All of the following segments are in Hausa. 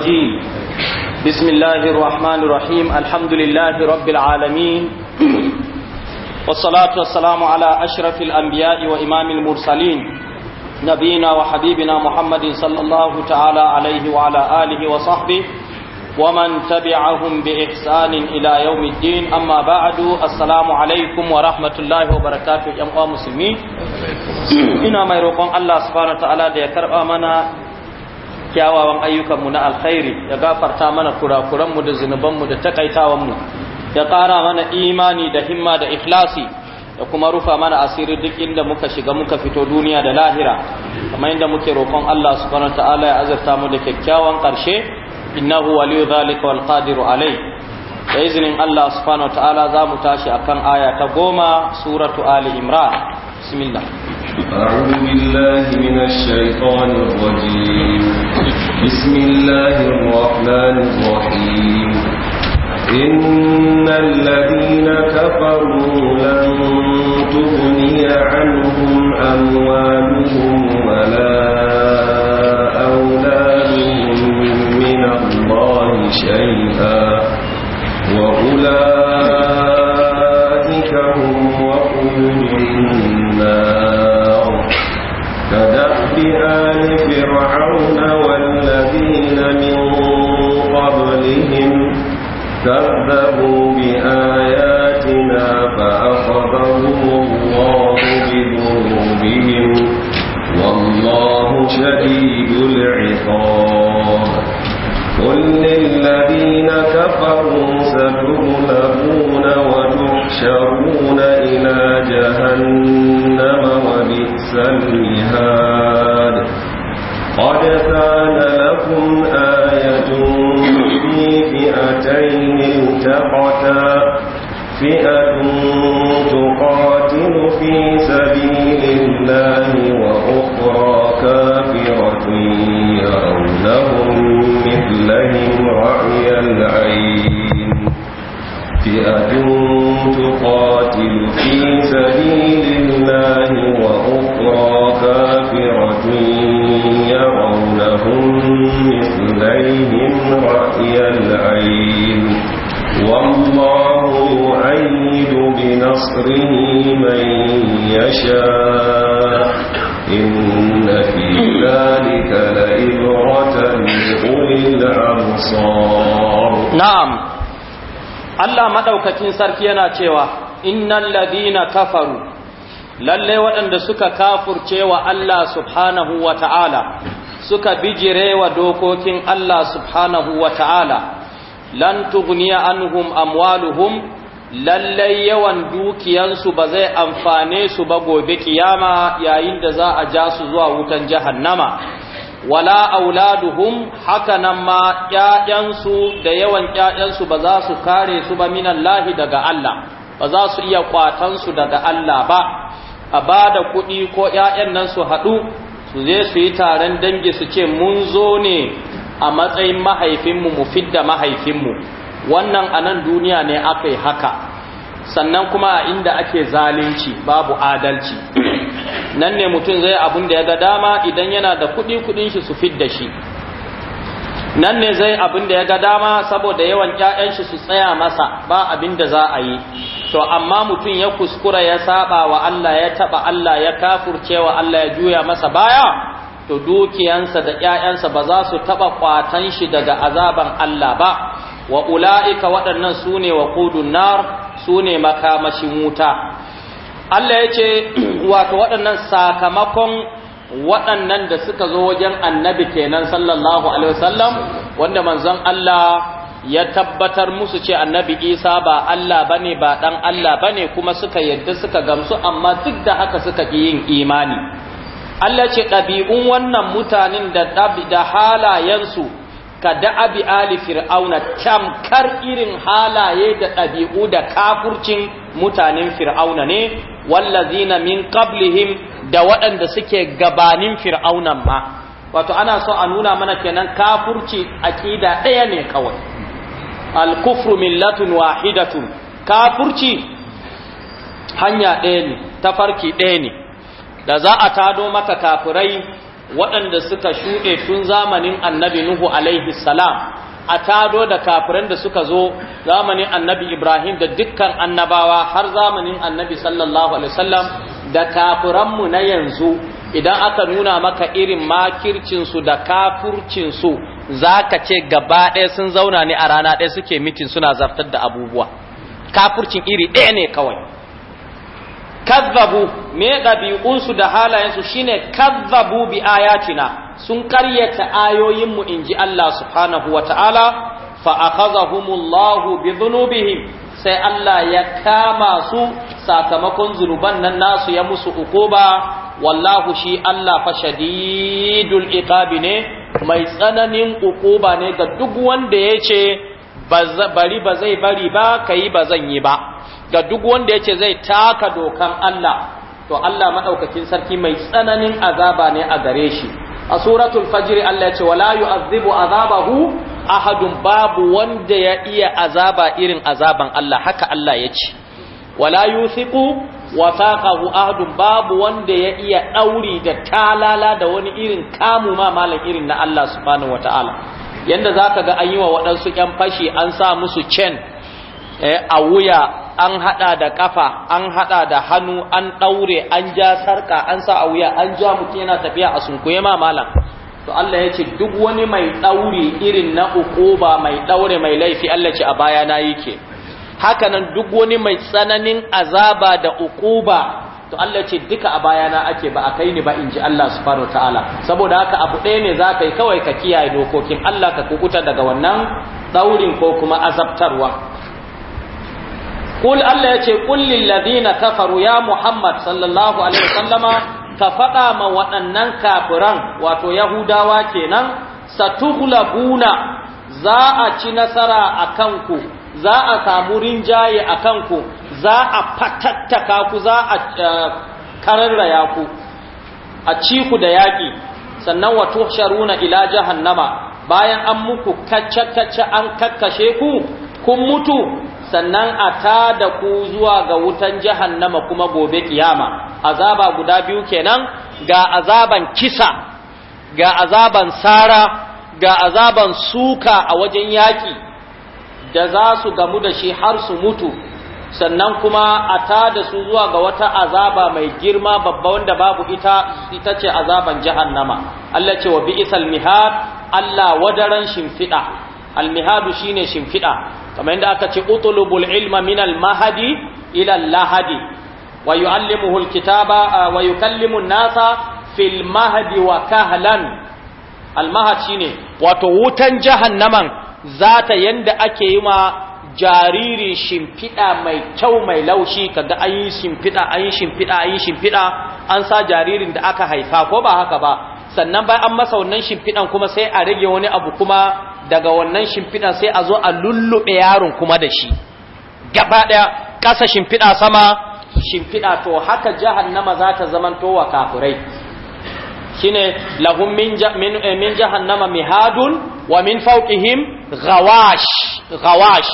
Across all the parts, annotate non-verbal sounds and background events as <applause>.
الرجيم بسم الله الرحمن الرحيم الحمد لله رب العالمين والصلاة والسلام على أشرف الأنبياء وإمام المرسلين نبينا وحبيبنا محمد صلى الله تعالى عليه وعلى آله وصحبه ومن تبعهم بإحسان إلى يوم الدين أما بعد السلام عليكم ورحمة الله وبركاته يا مسلمين ina mai roƙon Allah subhanahu wataala da ya karɓa mana kyawawan ayyukanmu na alkhairi ya gafarta mana kurakuranmu da zunubanmu da takaitawanmu ya ƙara mana imani da himma da ikhlasi da kuma rufa mana asiri duk inda muka shiga muka fito duniya da lahira kamar inda muke roƙon Allah subhanahu ta'ala ya azurta mu da kyakkyawan ƙarshe innahu waliyu zalika wal qadiru alai da izinin Allah subhanahu ta'ala za mu tashi akan aya ta goma suratu ali imran بسم الله أعوذ بالله من الشيطان الرجيم بسم الله الرحمن الرحيم إن الذين كفروا لن تغني عنهم أموالهم ولا أولادهم من الله شيئا وأولئك كذبوا بآياتنا فأخذهم الله بذنوبهم والله شديد العقاب قل للذين كفروا ستغلبون وتحشرون إلى جهنم وبئس المهاد قد كان لكم آه إليه التقتا فئة تقاتل في سبيل الله Allah maɗaukacin sarki yana cewa innal ladina kafaru lalle waɗanda suka kafurce wa Allah subhanahu wa ta'ala suka bijirewa dokokin Allah subhanahu wa ta'ala lan tughniya anhum amwaluhum lalle yawan dukiyansu ba zai amfane su ba gobe kiyama yayin da za a ja su zuwa wutan jahannama wala auladuhum haka nan ma ƴaƴansu da yawan ƴaƴansu ba za su kare su ba lahi daga Allah ba za su iya kwatansu daga Allah ba a bada kuɗi ko ƴaƴan nan su haɗu su je su yi taron dangi su ce mun zo ne a matsayin mahaifinmu mu fidda mahaifinmu wannan a nan duniya ne aka yi haka sannan kuma a inda ake zalunci babu adalci nan ne mutum zai abin da ya ga dama idan yana da kuɗi kuɗin shi su fidda shi nan ne zai abin da ya ga dama saboda yawan ƴaƴan shi su tsaya masa ba abin da za a yi to amma mutum ya kuskura ya saba wa Allah ya taba Allah ya kafurce wa Allah ya juya masa baya to dukiyansa da ƴaƴansa ba za su taba kwatan shi daga azaban Allah ba wa ula'ika waɗannan sune wa qudun nar sune makamashin wuta Allah ya ce wato waɗannan sakamakon waɗannan da suka zo wajen annabi kenan sallallahu alaihi wasallam wanda manzon Allah ya tabbatar musu ce annabi Isa ba Allah bane ba dan Allah bane kuma suka yadda suka gamsu amma duk da haka suka ki yin imani Allah ce ɗabi'un wannan mutanen da da halayensu ka abi ali fir'auna tamkar irin halaye da ɗabi'u da kafurcin mutanen fir'auna ne wallazina min qablihim da waɗanda suke gabanin fir'aunan ma wato ana so a nuna mana kenan kafurci aqida ɗaya ne kawai al-kufru millatun wahidatun kafurci hanya ɗaya ne tafarki ɗaya ne da za a tado maka kafirai waɗanda suka shuɗe tun zamanin annabi nuhu alaihi salam a tado da kafirin da suka zo zamanin annabi Ibrahim da dukkan annabawa har zamanin annabi sallallahu alaihi wasallam da kafiranmu na yanzu idan aka nuna maka irin makircinsu da kafurcinsu za ka ce gaba ɗaya sun zauna ne a rana ɗaya suke mitin suna zartar da abubuwa kafurcin iri ɗaya ne kawai kazzabu me ɗabi'unsu da halayen su shine kazzabu bi ayatina sun karyata ayoyinmu in ji Allah subhanahu wa ta'ala fa'akazahumullahu bi zunubihim sai Allah ya kama su sakamakon zunuban nan nasu ya musu ukuba wallahu shi Allah fa shadidul iqabi ne mai tsananin ukuba ne ga duk wanda ya ce bari ba zai bari ba kayi ba zan yi ba ga duk wanda ya ce zai taka dokan Allah to Allah madaukakin sarki mai tsananin azaba ne a gare shi a suratul fajiri Allah ya ce wala azibu azabahu ahadun babu wanda ya iya azaba irin azaban Allah haka Allah ya ce. wala siku wasaqahu ahadun babu wanda ya iya ɗauri da talala da wani irin kamu ma malam irin na Allah subhanahu wataala yanda zaka ga an yi wa waɗansu yan fashi an sa musu chain eh, a wuya an haɗa da ƙafa an haɗa da hannu an ɗaure an ja sarƙa an sa a wuya an ja mutum yana tafiya a sunkuye ma malam to Allah ya ce duk wani mai daure irin na ukuba mai ɗaure mai laifi Allah ce a baya na yake haka nan duk wani mai tsananin azaba da ukuba to Allah ce duka a baya bayana ake ba a kai ni ba in ji Allah subhanahu ta'ala saboda haka abu ɗaya ne za ka yi kawai ka kiyaye dokokin Allah ka kukuta daga wannan ɗaurin ko kuma azabtarwa Kul Allah ya ce, Kullin ladina kafaru ya Muhammad sallallahu Alaihi wasallama ka faɗa ma waɗannan kafiran wato Yahudawa kenan, buna za a ci nasara a kanku, za a samu rinjaye a kanku, za a fatattaka ku, za a ya ku, a ci ku da yaƙi, sannan wato sharuna ila jahannama bayan an muku kacce-kacce an kakkashe ku, kun mutu sannan a ta da ku zuwa ga wutan jahannama kuma gobe kiyama azaba guda biyu kenan ga azaban kisa ga azaban sara ga azaban suka a wajen yaƙi da za su gamu da shi har su mutu sannan kuma a ta da su zuwa ga wata azaba mai girma babba wanda babu ita ita ce azaban jahannama Allah ce wa bi'isal mihad Allah wadaran shimfiɗa Almihadu mihadu shine shimfiɗa kamar yadda aka ce uTulubul ilma minal mahadi ila lahadi wa yuallimuhu kitaba ah, wa yukallimu an-nasa fil mahdi wa kahlan al mahad shine wato wutan jahannaman zata yanda ake yi ma jariri shimfiɗa mai kyau mai laushi kaga an yi shimfiɗa an yi shimfiɗa an yi shimfiɗa an sa jaririn da aka haifa ko ba haka ba sannan bai an masa wannan shimfiɗan kuma sai a rage wani abu kuma daga wannan shimfiɗan sai a zo a lullube yaron kuma da shi gaba ɗaya ƙasa shimfiɗa sama shimfiɗa to haka jahannama za ta zamanto wa kafirai shine lahum min eh, min jahannama mihadun wa min fawqihim ghawash ghawash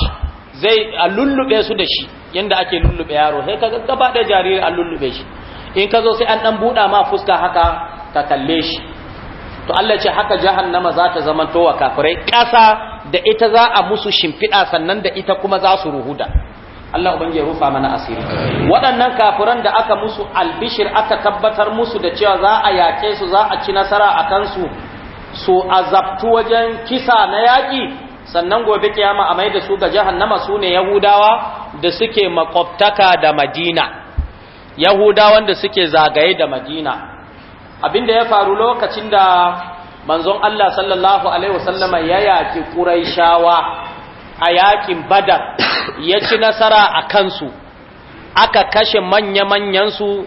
zai lullube su da shi yanda ake lullube yaro sai ka gaba da jariri a lullube shi in ka zo sai an ɗan buɗa ma fuska haka ka kalle shi to Allah ce haka jahannama za ta zamanto wa kafirai ƙasa da ita za a musu shimfiɗa sannan da ita kuma za su ruhuda Allah ubangiji rufa mana asiri waɗannan kafiran da aka musu albishir aka tabbatar musu da cewa za a yaƙe su za a ci nasara a kansu su azabtu wajen kisa na yaƙi sannan gobe kiyama a mai da su ga jahannama su ne yahudawa da suke makwabtaka da madina yahudawan da suke zagaye da madina abinda ya faru lokacin da manzon Allah sallallahu alaihi wasallama ya yaki Quraishawa a yakin Badar ya ci nasara a kansu aka kashe manya-manyan su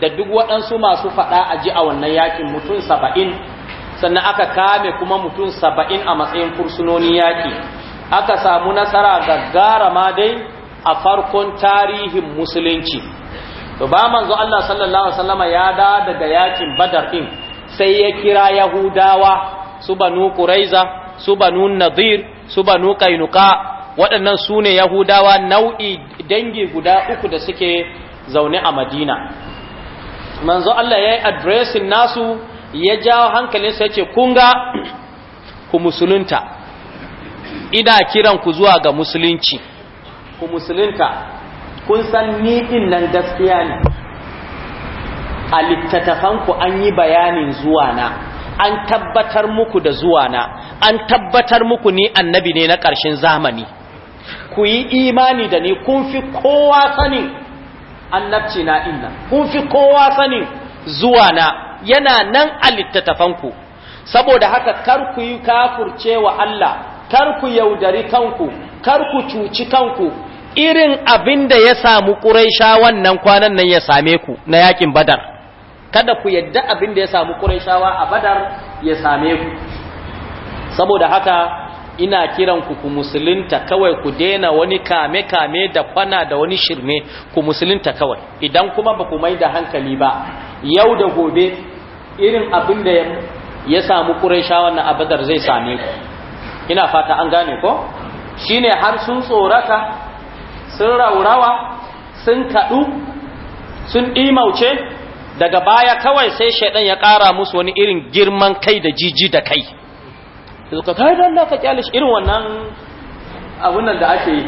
da duk waɗansu masu faɗa a ji a wannan yakin mutum saba'in sannan aka kame kuma mutum saba'in a matsayin kursunonin yaki aka samu nasara gaggara ma dai a farkon tarihin musulunci to ba manzo Allah sallallahu alaihi wasallama ya da daga yakin badar din sai ya kira yahudawa su banu quraiza su banu nadir su banu kainuka waɗannan su ne yahudawa nau'i dangi guda uku da suke zaune a madina manzo Allah ya yi adresin nasu ya jawo hankalinsa ya ce kunga ku musulunta ina kiran ku zuwa ga musulunci ku musulunta kun san ni nan gaskiya ne a littattafanku an yi bayanin zuwa na an tabbatar muku da zuwa na an tabbatar muku ni annabi ne na ƙarshen zamani ku yi imani da ni kun fi kowa sani annabci na inna kun fi kowa sanin zuwa na yana nan a littattafanku saboda haka kar ku yi wa Allah kar ku yaudari kanku kar ku cuci kanku irin abin da ya samu ƙuraisha wannan kwanan nan ya same ku na yakin badar kada ku yadda abin da ya samu ƙuraishawa a badar ya same ku saboda haka ina kiran ku ku musulunta kawai ku daina wani kame-kame da kwana da wani shirme ku musulunta kawai idan kuma ba ku mai da hankali ba yau da gobe irin abin da ya samu ƙuraisha na a badar zai same ku ina fata an gane ko shine har sun tsoraka sun raurawa sun kaɗu sun ɗimauce daga baya kawai sai shaidan ya ƙara musu wani irin girman kai da jiji da kai suka kai don da ka kyalish irin wannan abun nan da ake yi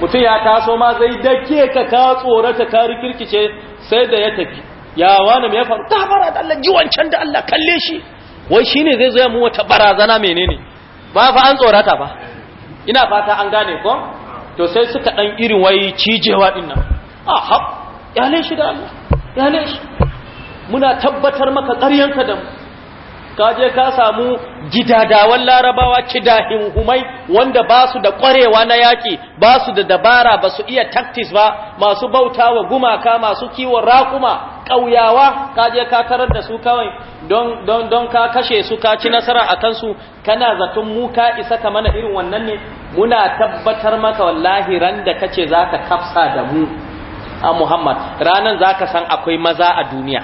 mutum ya taso ma zai dake ka ka tsorata ka rikirkice sai da ya tafi ya wani mai faru ta fara da Allah jiwon can da Allah kalle shi wai shine zai zo ya mu wata barazana menene ba fa an tsorata ba ina fata an gane ko to sai suka ɗan irin wai cijewa din nan a haɓ yale shi da Allah yale shi muna tabbatar maka ƙaryanka da mu ka je ka samu gidadawan larabawa kidahin humai wanda ba su da ƙwarewa na yaki ba su da dabara ba su iya taktis ba masu bautawa gumaka masu kiwon raƙuma ƙauyawa ka je ka tarar da su kawai don don don ka kashe su ka ci nasara a kansu kana zaton mu ka isa ka mana irin wannan ne muna tabbatar maka wallahi ran da kace zaka kafsa da mu a Muhammad ranan zaka san akwai maza a duniya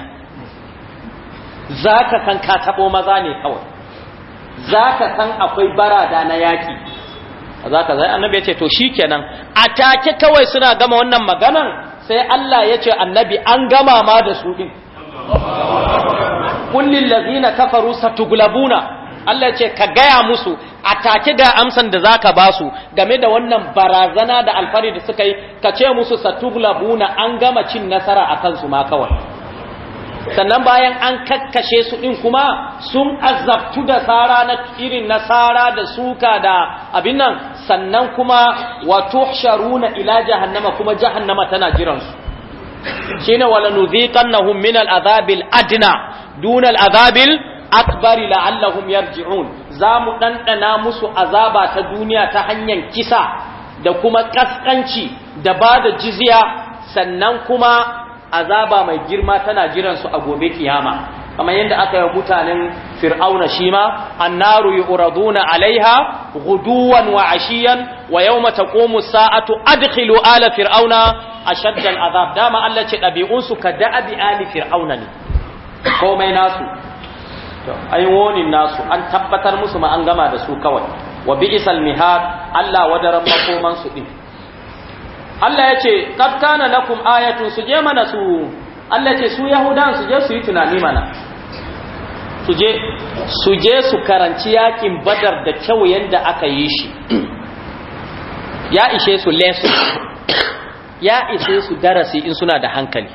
zaka san ka tabo maza ne kawai zaka san akwai barada na yaki zaka zai annabi ya ce to shikenan atake kawai suna gama wannan maganan sai Allah ya ce annabi an gama ma da su ɗin kullin ta kafaru satugulabuna Allah ce ka gaya musu a take da amsan da za ka ba su game da wannan barazana da alfari da suka yi ka ce musu satugulabuna an gama cin nasara a kansu ma kawai sannan bayan an kakkashe su ɗin kuma sun azabtu da tsara na irin na tsara da suka da abin nan sannan kuma wato sharuna ila jahannama kuma jahannama tana jiransu shi ne wala nuziƙan na hummin al'azabil adina dun al'azabil akbari la'allahum yarji'un za mu ɗanɗana musu azaba ta duniya ta hanyar kisa da kuma ƙasƙanci da ba da jiziya sannan kuma azaba mai girma tana jiran su a gobe kiyama kamar yadda aka yi mutanen fir'auna shi ma annaru yu'raduna alaiha ghuduwan wa ashiyan wa yawma taqumu sa'atu adkhilu ala fir'auna A shaddan azab dama Allah ce ɗabi'unsu su ka da'abi ali fir'auna ne komai nasu to ai wonin nasu an tabbatar musu ma an gama da su kawai wa bi'sal mihad Allah wadaran makoman su din Allah ya ce qad na lakum ayatun su je mana su Allah ce su yahudan su je su yi tunani mana su je su karanci yakin badar da kyau yadda aka yi shi <clears throat> ya ishe su lesu, <clears throat> ya ishe su darasi in suna da hankali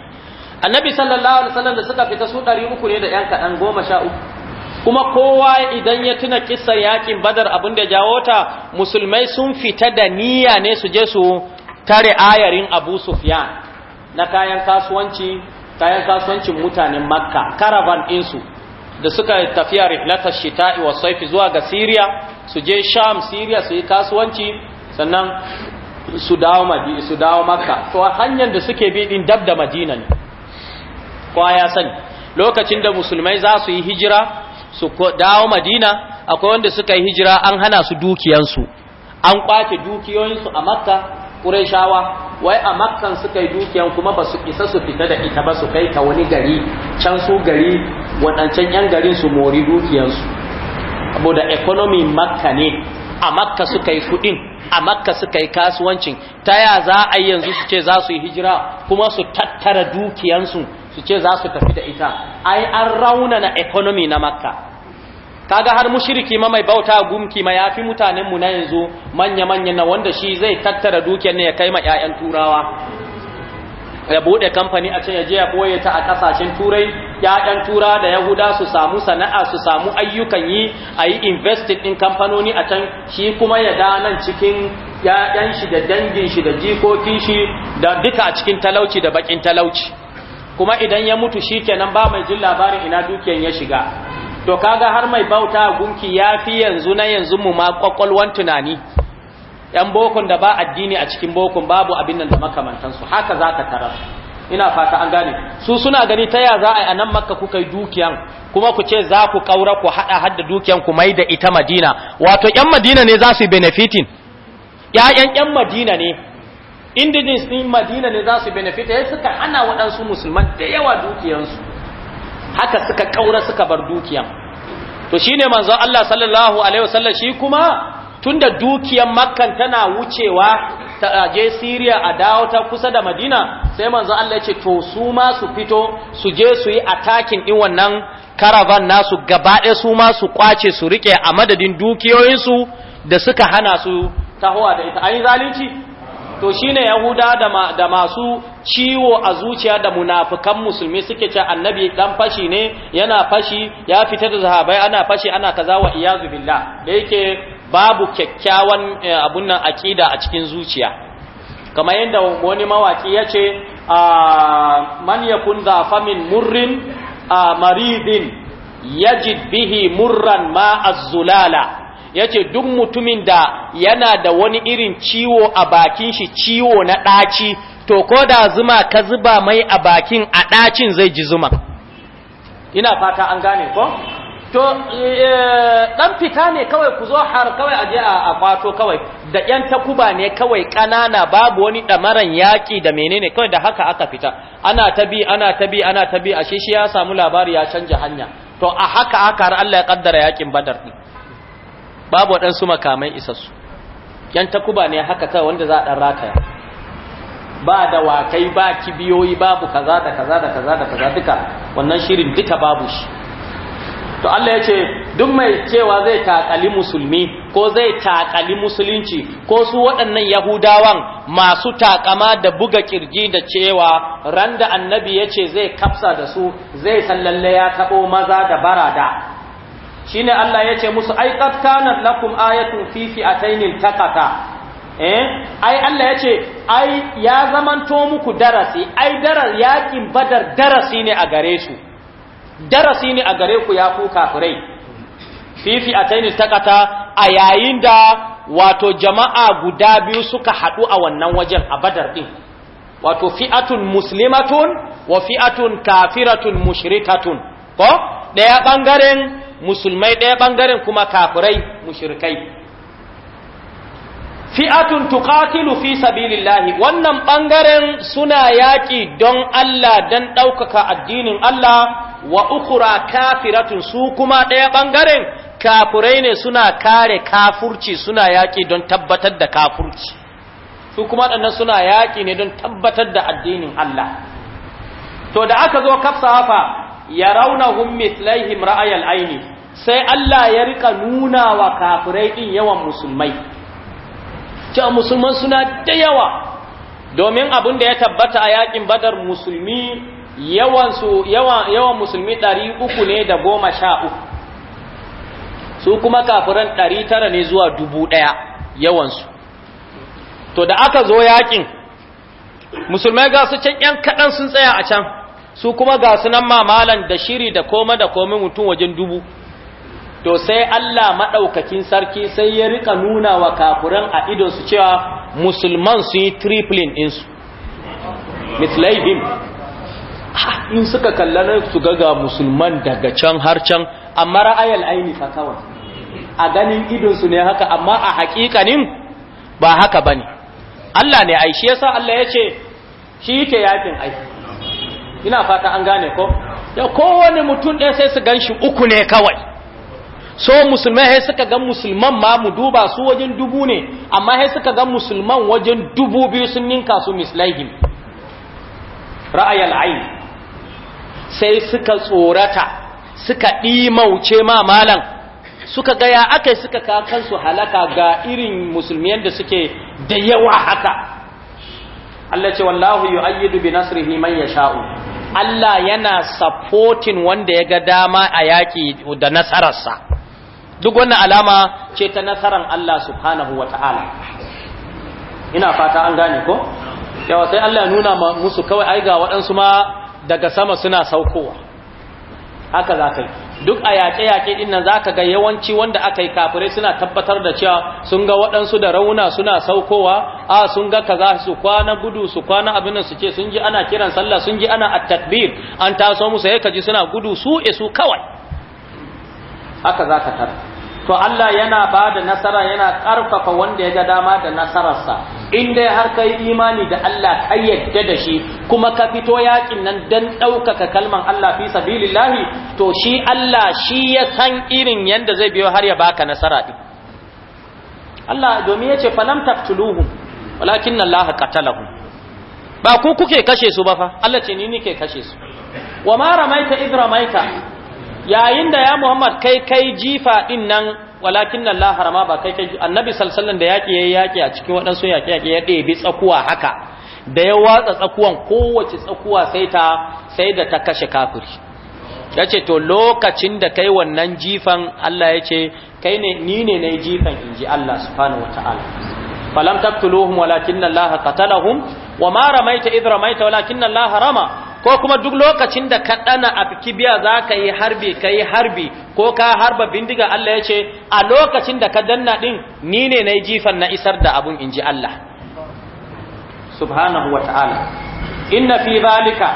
annabi sallallahu alaihi wasallam da suka fita su ɗari uku ne da yan sha uku. kuma kowa idan ya tuna kisan yakin badar abin da jawo ta musulmai sun fita da niyya ne su je su tare ayarin abu sufyan na kayan kasuwanci kayan kasuwancin mutanen makka karavan insu da suka tafiya rihlatar shita'i wa saifi zuwa ga siriya su je sham siriya su yi kasuwanci sannan su dawo makka to hanyar da suke bi din dab da madina ne kowa ya sani lokacin da musulmai za su yi hijira su dawo madina akwai wanda suka yi hijira an hana su dukiyansu an kwace dukiyoyinsu a makka Qurayshawa wai a Makkan suka yi dukiyan kuma ba su isa su fita da ita ba su kai ka wani gari can su gari waɗancan 'yan garin su mori dukiyansu saboda economy Makka ne a Makka suka yi kuɗin a Makka suka yi kasuwancin ta ya za a yi yanzu su ce za su yi hijira kuma su tattara dukiyansu su ce za su tafi da ita ai an raunana economy na Makka kaga har mushriki ma mai bauta gumki ma yafi mutanen mu na yanzu manya manya na wanda shi zai tattara dukiyar ne ya kai ma ƴaƴan turawa ya bude kamfani a can ya je ya boye ta a kasashen turai ƴaƴan tura da yahuda su samu sana'a su samu ayyukan yi a yi invested in kamfanoni a can shi kuma ya da nan cikin ƴaƴan shi da dangin shi da jikokin shi da duka a cikin talauci da bakin talauci kuma idan ya mutu shi shikenan ba mai jin labarin ina dukiyan ya shiga to kaga har mai bauta gunki ya fi yanzu na yanzu mu ma kwakwalwan tunani yan bokon da ba addini a cikin bokon babu abin nan da makamantansu haka za ka tarar ina fata an gane su suna gani ta ya za a yi a nan makka kuka yi dukiyan kuma ku ce za ku kaura ku haɗa hadda dukiyan ku mai da ita madina wato yan madina ne za su benefitin ƴaƴan ‘yan madina ne indigenous ɗin madina ne za su benefita ya suka ana waɗansu musulman da yawa dukiyansu haka suka kaura suka bar dukiyan to shine manzon Allah sallallahu alaihi wasallam shi kuma tunda dukiyan makkan tana wucewa ta je Syria a dawo ta kusa da Madina sai manzon Allah ya ce to su ma su fito su je su yi attacking din wannan caravan nasu gaba ɗaya su ma su kwace su rike a madadin dukiyoyinsu da suka hana su tahowa da ita an zalunci to shine yahuda da masu ciwo a zuciya da munafukan musulmi suke ce annabi dan fashi ne yana fashi ya fitar da zahabai, ana fashi ana kaza wa iyazu billah da yake babu kyakkyawan eh, abun nan aqida a cikin zuciya kamar yadda wani mawaki ya ce ah, man yakun za famin murrin ah, maridin yajid bihi murran ma az-zulala ya ce duk mutumin da yana da wani irin ciwo a bakin shi ciwo na ɗaci to ko da zuma ka zuba mai a bakin a ɗacin zai ji zuma ina fata an gane ko to eh, ɗan fita ne kawai ku zo har kawai aje a kwato kawai da yan takuba ne kawai ƙanana babu wani ɗamaran yaƙi da menene kawai da haka aka fita ana tabi ana tabi ana tabi ashe shi ya samu labari ya canja hanya to a haka aka har Allah ya ƙaddara yaƙin badar ɗin babu waɗansu makamai isassu yan takuba ne haka ta wanda za a ɗan rataya ba da wakai ba kibiyoyi babu kaza da kaza da kaza da kaza duka wannan shirin duka babu shi to Allah ya ce duk mai cewa zai takali musulmi ko zai takali musulunci ko su waɗannan yahudawan masu takama da buga kirji da cewa ran da annabi ya ce zai kafsa da su zai sallalle ya taɓo maza da barada Shi ne Allah ya ce musu ai tsafta kana lakum ayatun a tainin takata eh ai Allah ya ce ai ya zamanto muku darasi ai darar yakin badar darasi ne a gare su darasi ne a gare ku ya ku kafirai fifi a tainin takata a yayin da wato jama'a guda biyu suka haɗu a wannan wajen a badar ɗin wato fi'atun muslimatun wa fi'atun kafiratun mushrikatun ko ɗaya ɓangaren musulmai ɗaya ɓangaren kuma kafirai mushrikai fi'atun tuqatilu fi sabilillahi wannan ɓangaren suna yaƙi don Allah don ɗaukaka addinin Allah wa ukura kafiratun su kuma ɗaya ɓangaren kafirai ne suna kare kafurci suna yaƙi don tabbatar da kafurci su kuma ɗannan suna yaƙi ne don tabbatar da addinin Allah to da aka zo kafsa hafa Ya rauna yarawnahum mithlaihim ra'ayal aini sai Allah ya rika nuna wa kafirai ɗin yawan musulmai cewa musulman suna da yawa domin abin da ya tabbata a yakin badar musulmi yawan su yawan yawan musulmi uku ne da uku, su kuma kafiran tara ne zuwa dubu ɗaya yawansu. to da aka zo yakin musulmai ga su can yan kaɗan sun tsaya a can su kuma ga sunan mamalan da shiri da koma da komai mutum wajen dubu to sai Allah maɗaukakin sarki sai ya rika nuna wa kafuran a idonsu cewa musulman su yi triplin ɗinsu bim. in suka kalla su ga musulman daga can har can amma ra'ayal aini fa kawai a ganin idonsu ne haka amma a haƙiƙanin ba haka ba ne Allah ne ai shi yasa Allah ya ce shi yake yafin aiki ina fata an gane ko ya kowane mutum ɗaya sai su gan shi uku ne kawai so musulmai sai suka gan musulman ma mu duba su wajen dubu ne amma sai suka gan musulman wajen dubu biyu sun ninka su mislaihim ra'ayal ayn sai suka tsorata suka ɗimauce ma malam suka ga ya akai suka ka kansu halaka ga irin musulmiyan da suke da yawa haka Allah ce wallahu yu'ayyidu bi nasrihi man yasha'u Allah yana supporting wanda ya ga dama a yaƙi da nasararsa duk wannan alama ce ta nasarar Allah subhanahu wa ta'ala ina fata an gane ko yawa sai Allah ya nuna musu kawai ai ga waɗansu ma daga sama suna saukowa haka za ka yi duk a yaƙe-yaƙe ɗin nan za ka ga yawanci wanda aka yi kafirai suna tabbatar da cewa sun ga waɗansu da rauna suna saukowa a sun ga kaza su kwana gudu su kwana abin su ce sun ji ana kiran sallah sun ji ana at-takbir an taso musu ka kaji suna gudu su e kawai haka za ka tara to Allah yana ba da nasara yana ƙarfafa wanda ya ga dama da nasararsa in dai har kai imani da Allah ka yadda da shi kuma ka fito yakin nan dan ɗaukaka kalman Allah fi sabilillahi to shi Allah shi ya san irin yanda zai biyo har ya baka nasara din Allah domin yace falam taqtuluhum walakin Allah ba ku kuke kashe su ba fa Allah ce ni nike kashe su wa ma ramaita id ramaita yayin da ya Muhammad kai kai jifa din nan walakin nan la harama ba kai kai annabi sallallahu da yaki yayi yaki a cikin waɗansu yaki yaki ya ɗebi tsakuwa haka da ya watsa tsakuwan kowace tsakuwa sai ta sai da ta kashe kafiri yace to lokacin da kai wannan jifan Allah yace kai ne ni ne nayi jifan inji Allah subhanahu wataala falam taqtuluhum walakin la qatalahum wa ma ramaita idh ramaita walakin la harama. ko kuma duk lokacin da ka ɗana a kibiya za ka yi harbi ka yi harbi ko ka harba bindiga Allah ya ce a lokacin da ka danna ɗin ni ne na yi jifan na isar da abun in ji Allah subhanahu wa ta'ala inna fi zalika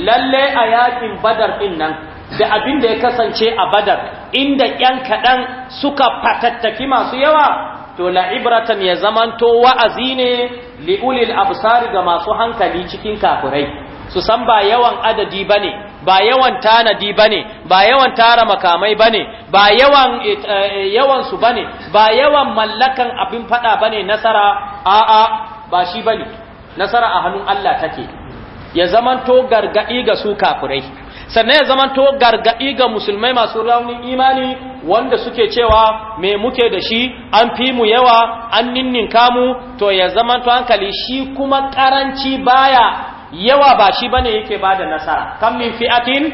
lalle a yakin badar ɗin nan da abin da ya kasance a badar inda ‘yan kaɗan suka fatattaki masu yawa to la'ibratan ya zamanto wa'azi ne li'ulil absari ga masu hankali cikin kafirai su san ba yawan adadi ba ba yawan tanadi ba ne ba yawan tara makamai ba ba yawan eh, eh, yawansu ba ne ba yawan mallakan abin fada ba ne nasara a'a ba shi ba nasara a hannun Allah take ya zamanto gargaɗi ga su kafirai sannan ya zamanto gargaɗi ga musulmai masu raunin imani wanda suke cewa me muke da shi an fi mu yawa an ninninka mu to ya zamanto hankali shi kuma ƙaranci baya yawa ba shi bane yake bada nasara kam min fi'atin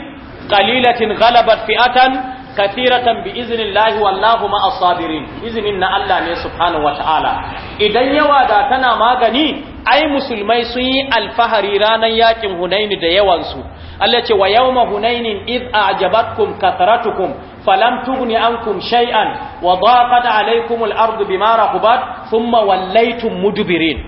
qalilatin ghalabat fi'atan kathiratan bi iznillahi wallahu ma as-sabirin iznin na Allah ne subhanahu wataala idan yawa da tana magani ai musulmai sun yi alfahari ranan yakin hunaini da yawan su Allah ce wa yawma hunainin id a'jabatkum kathratukum falam tughni ankum shay'an wa daqat alaykum al-ardu bima rahabat thumma wallaytum mudbirin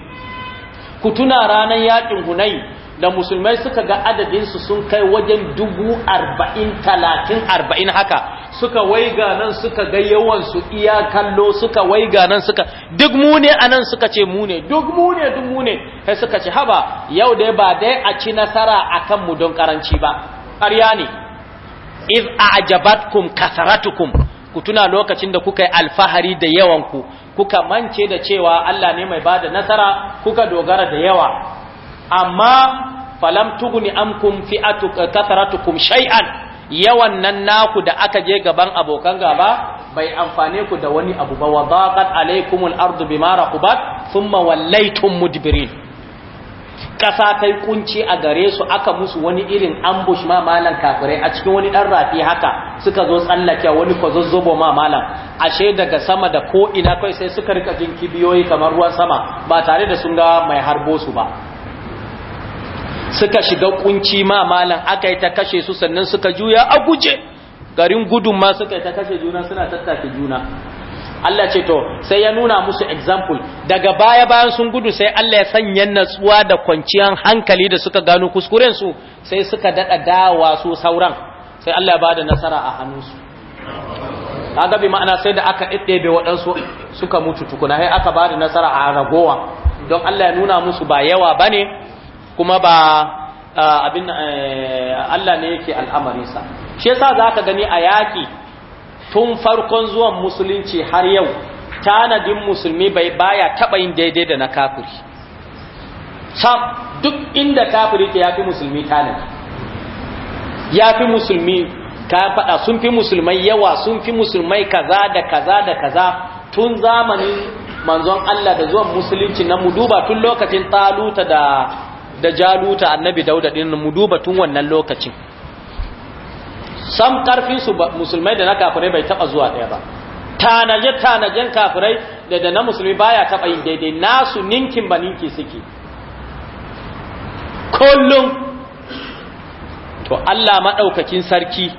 ku tuna ranan yakin hunain da musulmai suka ga adadin su sun kai wajen dubu arba'in talatin arba'in haka suka waiga nan suka ga yawansu iya kallo suka waiga nan suka duk mu ne a nan suka ce mu ne duk mu ne duk mu ne sai suka ce haba yau dai ba dai a ci nasara a kanmu don karanci ba ƙarya ne iz a'jabatkum kasaratukum ku tuna lokacin da kuka yi alfahari da yawan ku kuka mance da cewa Allah ne mai bada nasara kuka dogara da yawa amma falam tuguni amkum fi'atu eh, katharatukum shay'an yawan nan naku da aka je gaban abokan gaba bai amfane ku da wani abu ba wa daqat alaikumul ardu bima raqubat thumma wallaytum mudbirin kasa tai kunci a gare su aka musu wani irin ambush ma malan kafirai a cikin wani dan rafi haka suka zo tsallake wani zozzobo ma malan ashe daga sama da ko ina kai sai suka rika jin kibiyoyi kamar ruwan sama ba tare da sun ga mai harbo su ba suka shiga kunci ma malan aka yi ta kashe su sannan suka juya a guje garin gudun ma suka yi ta kashe juna suna tattake juna Allah ce to sai ya nuna musu example daga baya bayan sun gudu sai Allah ya sanya natsuwa da kwanciyar hankali da suka gano kuskuren su sai suka dada dawa su sauran sai Allah ya bada nasara a su kaga bi ma'ana sai da aka ɗebe waɗansu suka mutu tukuna sai aka bada nasara a ragowa don Allah ya nuna musu ba yawa bane kuma ba abin eh, Allah ne yake al'amarinsa shi yasa zaka gani a yaki tun farkon zuwan musulunci har yau tanadin musulmi bai baya taba yin daidai da na kafiri sam duk inda kafiri ke yafi musulmi tanadi yafi musulmi ka faɗa sun fi musulmai yawa sun fi musulmai kaza da kaza da kaza tun zamanin manzon Allah da zuwan musulunci na mu duba tun lokacin taluta da da jaluta annabi dauda din mu duba tun wannan lokacin sam karfin su musulmai da na kafirai bai taba zuwa daya ba tanaje tanajen kafirai da da na musulmi baya taba yin daidai nasu ninkin ba ninki suke kullum to Allah madaukakin sarki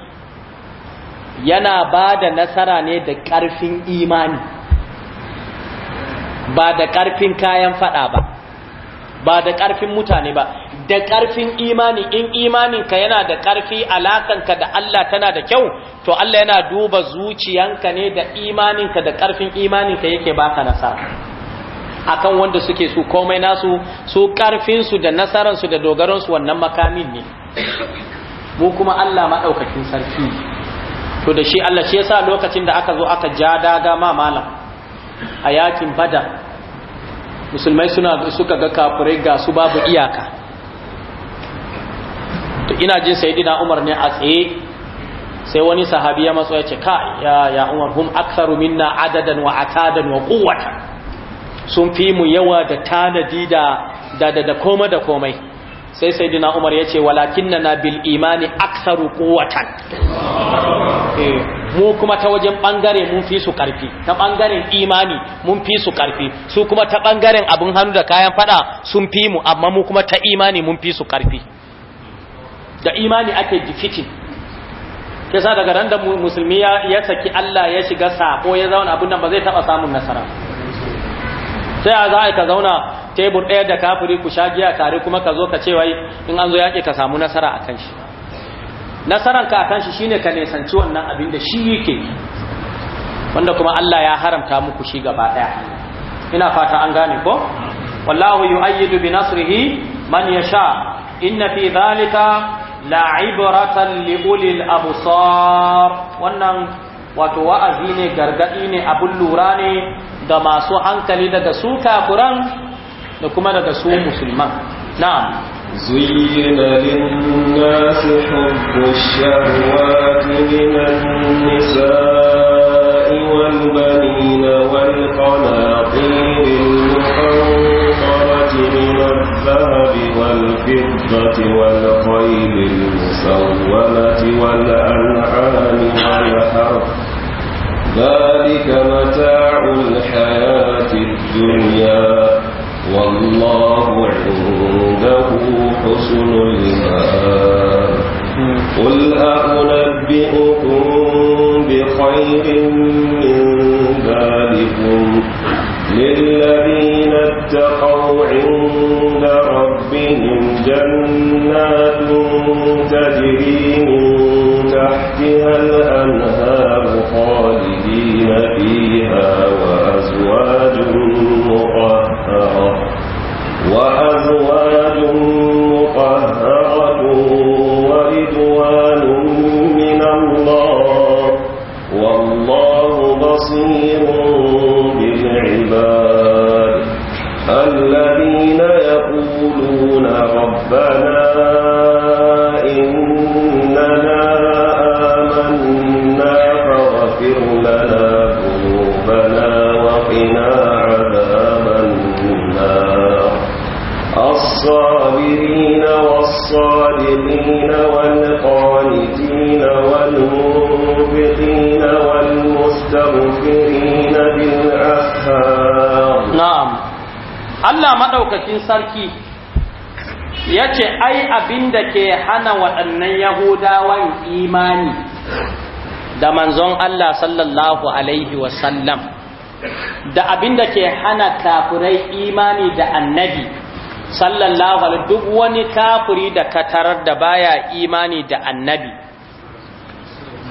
yana ba da nasara ne da karfin imani ba da karfin kayan fada ba ba da ƙarfin mutane ba da ƙarfin imani in imaninka yana da ƙarfi alakanka da Allah tana da kyau to Allah yana duba zuciyanka ne da imaninka da ƙarfin imaninka yake baka nasara akan wanda suke su komai nasu su ƙarfinsu da nasaransu da dogaransu wannan makamin ne mu kuma Allah maɗaukakin sarki to da shi Allah shi yasa lokacin da aka zo aka ja daga ma malam a yakin badar musulmai suna suka ga kafirai ga su babu iyaka to ina jin sayyidina Umar ne a tsaye sai wani sahabi ya matso ya ce ka ya Umar hum aktharu minna adadan wa atadan wa quwwatan sun fi mu yawa da tanadi da da da koma da komai sai sayyidina Umar ya ce walakinna bil imani aktharu quwwatan eh. mu kuma ta wajen bangare mun fi su karfi ta bangaren imani mun fi su karfi su kuma ta bangaren abin hannu da kayan fada sun fi mu amma mu kuma ta imani mun fi su karfi da imani ake Ke sa daga ran da musulmi ya saki Allah ya shiga sako ya zauna abin nan ba zai taba samun nasara sai a za ka zauna tebur ɗaya da kafiri ku sha giya tare kuma ka zo ka ce wai in an zo yaƙi ka samu nasara a kan shi nasaran ka kan shi shine ka nesanci wannan abin da shi yake wanda kuma Allah ya haramta muku shi gaba daya ina fata an gane ko wallahu yu'ayyidu bi nasrihi man yasha inna fi dhalika la'ibratan li ulil absar wannan wato wa'azi ne gargadi ne abun lura ne ga masu hankali daga su kafiran da kuma daga su musulman na'am زين للناس حب الشهوات من النساء والبنين والقناطير المقنطرة من الذهب والفضة والخيل المسومة والأنعام والحرث ذلك متاع الحياة الدنيا والله عنده حسن المآب قل أنبئكم بخير من ذلكم للذين اتقوا عند ربهم جنات تجري من تحتها الأنهار خالدين فيها بصير بالعباد الذين يقولون ربنا إننا آمنا فاغفر لنا ذنوبنا وقنا عذاب النار الصابرين والصادقين والقانتين والمنفقين والمنفقين والمستغفرين بالأسهار نعم الله مدوككين سركي yace ai abin da ke hana waɗannan yahudawan imani da manzon Allah sallallahu alaihi wasallam da abin da ke hana kafirai imani da annabi sallallahu alaihi duk wani kafiri da katarar da baya imani da annabi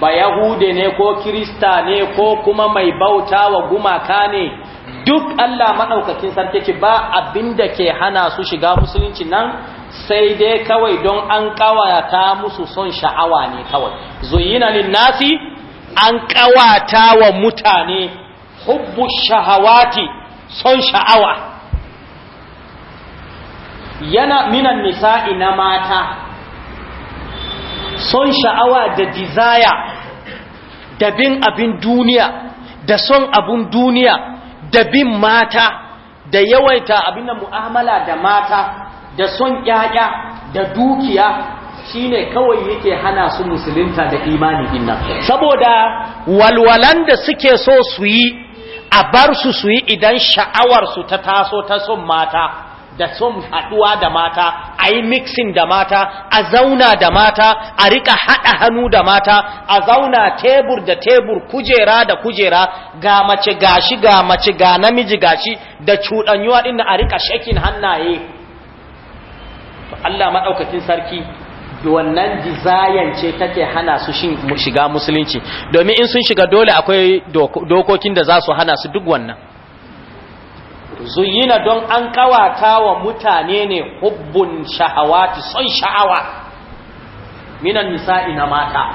ba yahude ne ko kirista ne ko kuma mai bauta wa gumaka ne duk Allah maɗaukakin sarki ba abinda ke hana su shiga musulunci nan sai dai kawai don an ƙawata musu son sha'awa ne kawai zuyina linnasi an ƙawata wa mutane hubbu shahawati son sha'awa yana minan nisa'i na mata son sha'awa da desire da bin abin duniya da son abin duniya da bin mata da yawaita abin da mu'amala da mata da son 'ya'ya da dukiya shine kawai yake hana su musulunta da imani dinnan saboda walwalan da suke so su yi a bar su su yi idan sha'awar su ta taso ta son mata da son haɗuwa da mata a yi mixing da mata a zauna da mata a rika haɗa hannu da mata a zauna tebur da tebur kujera da kujera ga mace gashi ga mace ga namiji gashi da cuɗanyuwa ɗin a rika shakin hannaye To Allah maɗaukakin sarki wannan dizayen ce take hana su shiga musulunci domin in sun shiga dole akwai dokokin da za su hana su duk wannan zuyina don an kawata wa mutane ne hubbun shahawati son sha'awa minan nisa'i na mata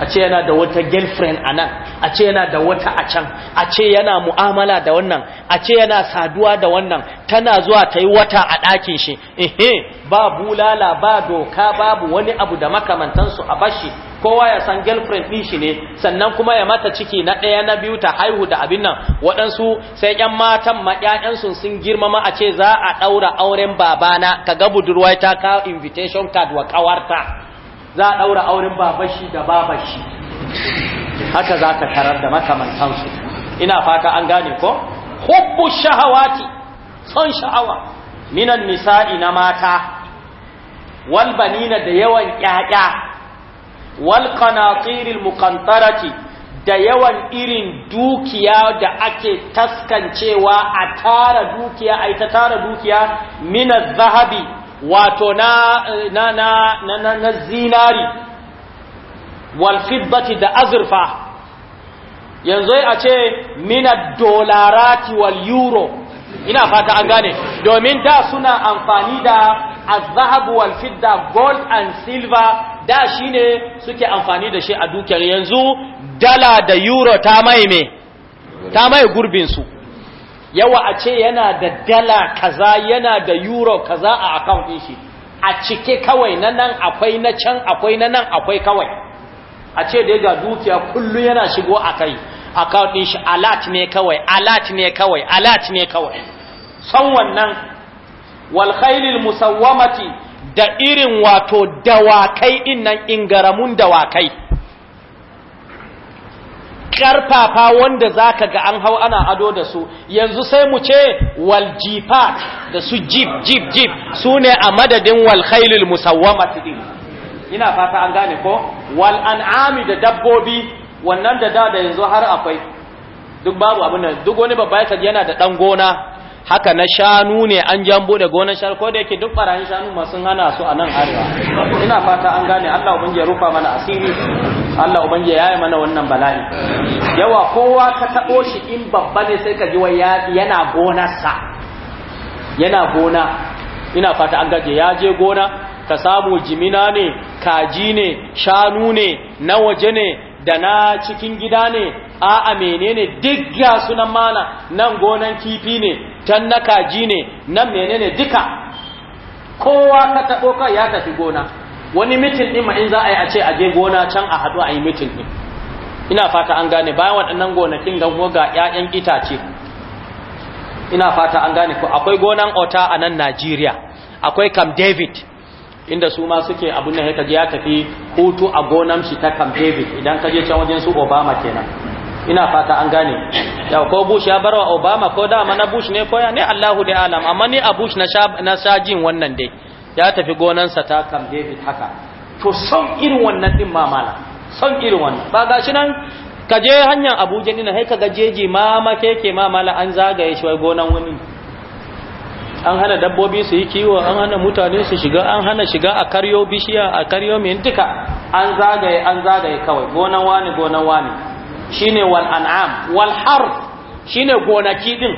a ce yana da wata girlfriend a nan a ce yana da wata a can a ce yana mu'amala da wannan a ce yana saduwa da wannan tana zuwa ta yi wata a ɗakin shi ehe ba bulala ba doka babu wani abu da makamantansu a bashi kowa ya san girlfriend ɗin shi ne sannan kuma ya mata ciki na ɗaya na biyu ta haihu da abin nan waɗansu sai ƴan matan ma ƴaƴansu sun girmama a ce za a ɗaura auren babana ka ga budurwa ta kawo invitation card wa ƙawarta za a ɗaura auren babashi da babashi haka za ka tarar da makamantansu ina fata an gane ko hubbu shahawati son sha'awa minan nisa'i na mata wal da yawan ƙyaƙya, wal qanatiril da yawan irin dukiya da ake taskancewa a tara dukiya a ta tara dukiya minan zahabi wato na zinari wal da azurfa yanzu a ce mina dolarati wal euro ina fata an gane domin da suna amfani da azhabu wal gold and silver da shine suke amfani da shi a dukiyar yanzu dala da euro ta mai ta mai gurbin su yawa a ce yana da dala kaza yana da euro kaza a account din shi a cike kawai na nan akwai na can akwai na nan akwai kawai a ce da ga dukiya kullum yana shigo akai. kai account din shi alert ne kawai alert ne kawai alert ne kawai san wannan wal khailil musawwamati da irin wato dawakai din nan ingaramun dawakai ƙarfafa wanda za ka ga an hau ana ado da su yanzu sai mu ce waljifa da su jif jif jif su ne a madadin khailul musawwamati din ina fata an gane ko wal an'ami da dabbobi wannan da da da yanzu har akwai duk babu abin nan duk wani babba ya yana da dan gona haka na shanu ne an jambo da gonan shanu ko da yake duk barayin shanu ma sun hana su a nan arewa ina fata an gane Allah ubangiji ya rufa mana asiri Allah ubangiji ya yi mana wannan bala'i yawa kowa ka tabo shi in babba ne sai ka ji wai yana gonarsa yana gona ina fata an gaje ya je gona ka samu jimina ne kaji ne shanu ne na waje ne da na cikin gida ne a'a menene duk ga sunan mana nan gonan kifi ne can na kaji ne nan menene duka kowa ka taɓo ka ya tafi gona wani mitin ɗin ma in za a yi a ce a je gona can a haɗu a yi mitin ɗin ina fata an gane bayan waɗannan gonakin ga ga ƴaƴan itace ina fata an gane ko akwai gonan ota a nan Najeriya akwai Camp David inda su ma suke abun da ya tafi hutu a gonan shi ta Camp David idan ka je can wajen su Obama kenan ina fata an gane yau ko bush ya barwa obama ko da mana bush ne ko ya ne allahu da alam amma ni a bush na sha jin wannan dai ya tafi gonansa ta kam david haka to son irin wannan din mamala son irin wannan ba gashi nan ka je hanyar abuja dinan sai ga jeji mama keke mamala an zagaye shi wai gonan wani an hana dabbobi su yi kiwo an hana mutane su shiga an hana shiga a karyo bishiya a karyo mintika an zagaye an zagaye kawai gonan wani gonan wani shine wal an'am wal har shine gonaki din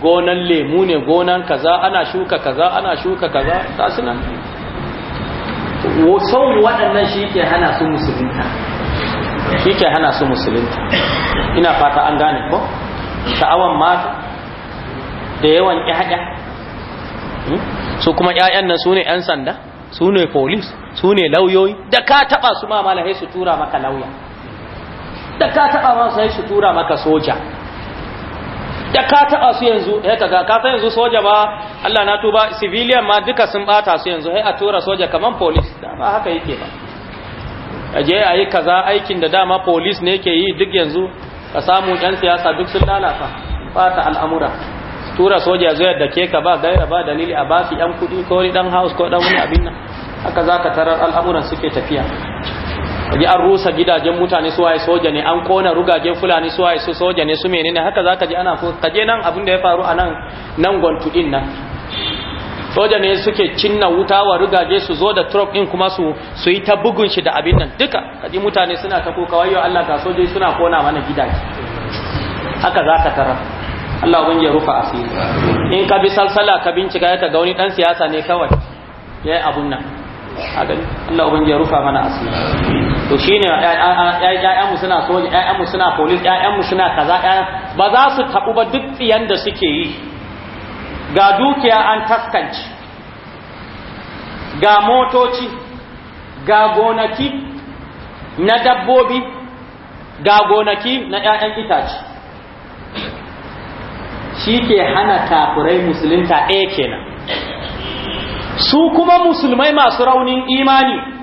gonan lemu ne gonan kaza ana shuka kaza ana shuka kaza ta sunan son waɗannan shi ke hana su musulunta shi ke hana su musulunta ina fata an gane ko sha'awan mata da yawan ƴaƴa hmm? su kuma ƴaƴan nan su ne ƴan sanda su ne police su ne lauyoyi da ka taɓa su ma malahai su tura maka lauya da ka taɓa ma sai su tura maka soja da ka taɓa su yanzu ya eh, kaga ka san yanzu soja ba Allah na tuba civilian ma duka sun bata su yanzu sai eh, a tura soja kaman police ba haka yake ba aje ayi kaza aikin da dama police ne ke yi duk yanzu ka samu yan siyasa duk sun lalata fata al'amura tura soja zuwa da ke ka ba gaira ba dalili a ba su yan kuɗi ko ni dan house ko dan wani abin nan haka za tarar al'amuran suke tafiya ji an rusa gidajen mutane su waye soja ne an kona rugajen fulani su waye su soja ne su menene haka zaka ji ana ko kaje nan abin da ya faru a nan nan din nan soja ne suke cinna wuta wa rugaje su zo da truck din kuma su su yi ta bugun shi da abin nan duka kaje mutane suna ta koka wayo Allah ka sojoji suna kona mana gidaje haka zaka tara Allah ubangiji ya rufa asiri in ka bi salsala ka bincika ya ga wani dan siyasa ne kawai yayi abun nan a gani Allah ubangiji ya rufa mana asiri to shine ƴaƴanmu suna soja ƴaƴanmu suna polis ƴaƴanmu suna kaza ƴaƴan ba za su tabu ba duk tsiyan da suke yi ga dukiya an taskance ga motoci ga gonaki na dabbobi ga gonaki na ƴaƴan itace shi ke hana kafirai musulunta ɗaya kenan su kuma musulmai masu raunin imani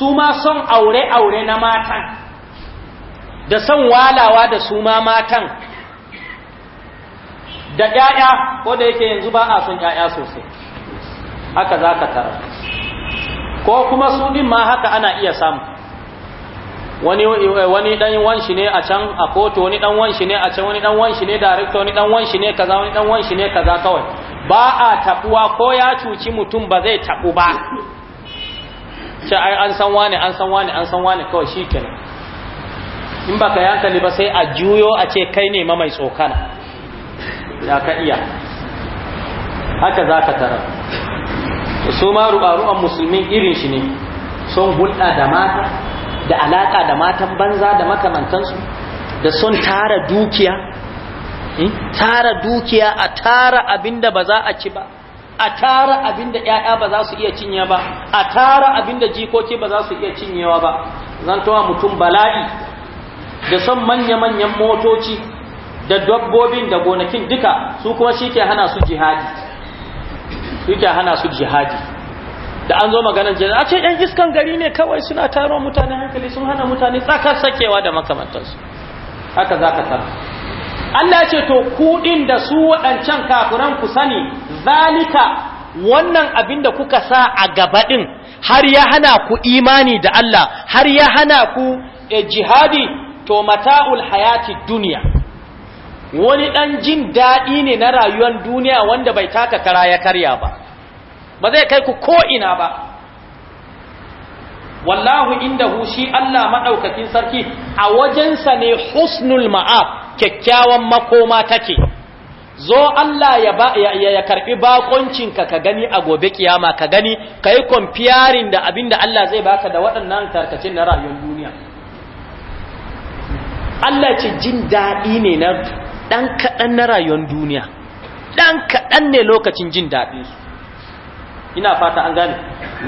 su ma son aure-aure na matan da son walawa da su ma matan da ƴaƴa ko da yake yanzu ba a son ƴaƴa sosai haka za ka tara ko kuma su ɗin ma haka ana iya samu wani wani dan wanshi ne a can a kotu wani dan wanshi ne a can wani dan wanshi ne director wani dan wanshi ne kaza wani dan wanshi ne kaza kawai ba a tabuwa ko ya cuci mutum ba zai tabu ba ce ai an san wani an san wani an san wani kawai shi kenan in ba ka yankali ba sai a juyo a ce kai ne ma mai tsokana ya ka iya haka za ka tara su ma ruɓa musulmin irin shi ne son hulɗa da mata da alaƙa da matan banza da makamantansu da son tara dukiya hmm? tara dukiya a tara abinda ba za a ci ba a tara abinda ‘ya'ya ba za su iya cinye ba a tara abinda jikoki ba za su iya cinyewa ba Zan zantowa mutum bala'i da son manya-manyan motoci da dabbobin da gonakin duka su kuma shi ke hana su jihadi su ke hana su jihadi da an zo maganar jihadi a ce ‘yan iskan gari ne kawai suna taro mutane hankali sun hana mutane tsakar sakewa da makamantarsu haka za ka Allah ce to kuɗin da su waɗancan kafuran ku sani zalika wannan abin da kuka sa a gaba har ya hana ku imani da Allah har ya hana ku e, jihadi to mata'ul hayati duniya wani ɗan jin daɗi ne na rayuwar duniya wanda bai taka kara ya karya ba ba zai kai ku ko'ina ba wallahu inda hushi Allah maɗaukakin sarki a wajensa ne husnul ma'ab kyakkyawan makoma take zo Allah ya, ba, ya, ya, karɓi bakoncinka ka gani a gobe kiyama ka gani ka yi kwamfiyarin da abin da Allah zai baka da waɗannan tarkacin na rayuwar duniya Allah ce jin daɗi ne na ɗan kaɗan na rayuwar duniya ɗan kaɗan ne lokacin jin daɗi ina fata an gane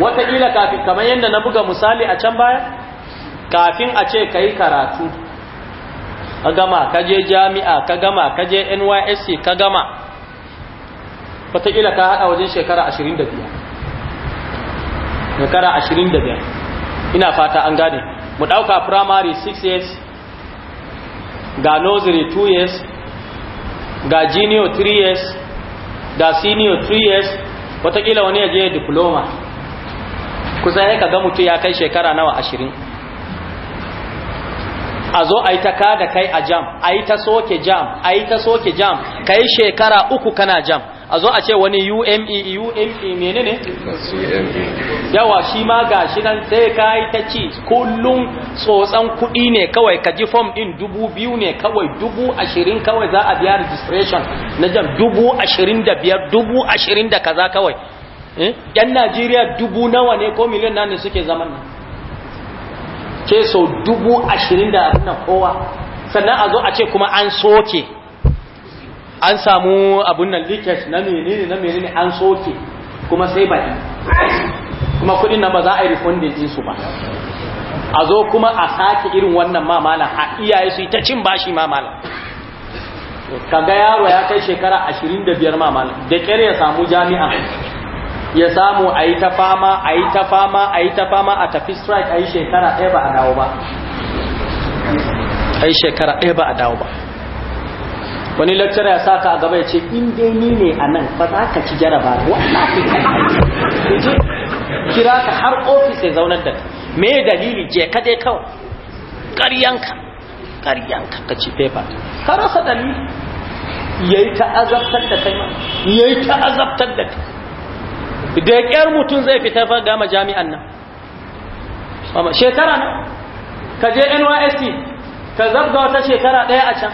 wataƙila kafin kamar yadda na buga misali a can baya kafin a ce ka yi karatu ka gama ka je jami'a ka gama ka je nysc ka gama wataƙila ka hada wajen shekara 25 shekara 25 ina fata an gane mu dauka primary 6 years ga nursery 2 years ga junior 3 years ga senior 3 years wataƙila wani ya je diploma kusan ya ka ga mutu ya kai shekara nawa ashirin a zo a yi ta kada kai a jam a yi ta soke jam a yi ta soke jam ka yi shekara uku kana jam a zo a ce wani ume ume mene ne? E. yawa shi ma ga shi nan sai ka yi ta ci kullum tsotsan kuɗi ne kawai ka ji fom ɗin dubu biyu ne kawai dubu ashirin kawai za a biya registration na jam dubu ashirin da biyar dubu ashirin da kaza kawai eh? yan najeriya dubu nawa ne ko miliyan na ne suke zaman nan ce so dubu ashirin da abin da kowa sannan a zo a ce kuma an soke an samu abin nan likes na menene na menene an soke kuma sai ba kuma kudin nan ba za a yi refunding din su ba a zo kuma a sake irin wannan mamala a iyaye su yi ta cin bashi mamala kaga yaro ya kai shekara ashirin da biyar mamala da kere ya samu jami'a ya samu a yi ta fama a yi ta fama a yi ta fama a tafi strike a yi shekara ɗaya ba a dawo ba a yi shekara ɗaya ba a dawo ba wani lecturer ya sa ka a gaba ya ce in dai ni ne a nan ba za ka ci jaraba wallahi ka aiki kira ka har ofis ya zaunar da ka me dalili je ka dai kawai ƙaryanka ƙaryanka ka ci paper ka rasa dalili yi ta azabtar da kai ma yi ta azabtar da kai da ƙyar mutum zai fita gama jami'an nan shekara na ka je nysc ka zabga wata shekara ɗaya a can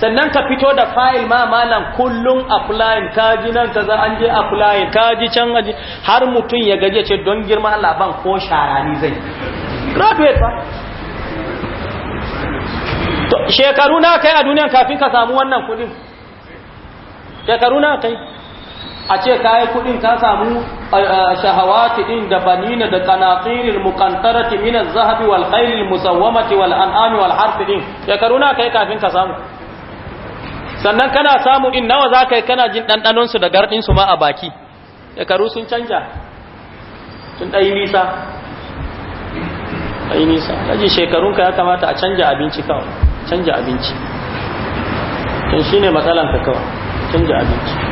sannan ka fito da fayil ma malam kullum applying ka ji nan ka za an je applying ka ji can aji har mutum ya gaje ce don girma laban ko sharani zai graduate ba shekaru na kai a duniyan kafin ka samu wannan kudin shekaru na kai a ce kayi kudin ka samu shahawati din da banina da qanatiril muqantarati min az-zahabi wal khairil musawwamati wal an'ami wal harfi din shekaru na kai kafin ka samu sannan kana samu din nawa za kai kana jin dandanon su da gardin su ma a baki shekaru sun canja sun dai nisa dai nisa kaji shekarun ka ya kamata a canja abinci kawai canja abinci to shine matsalan ka kawai canja abinci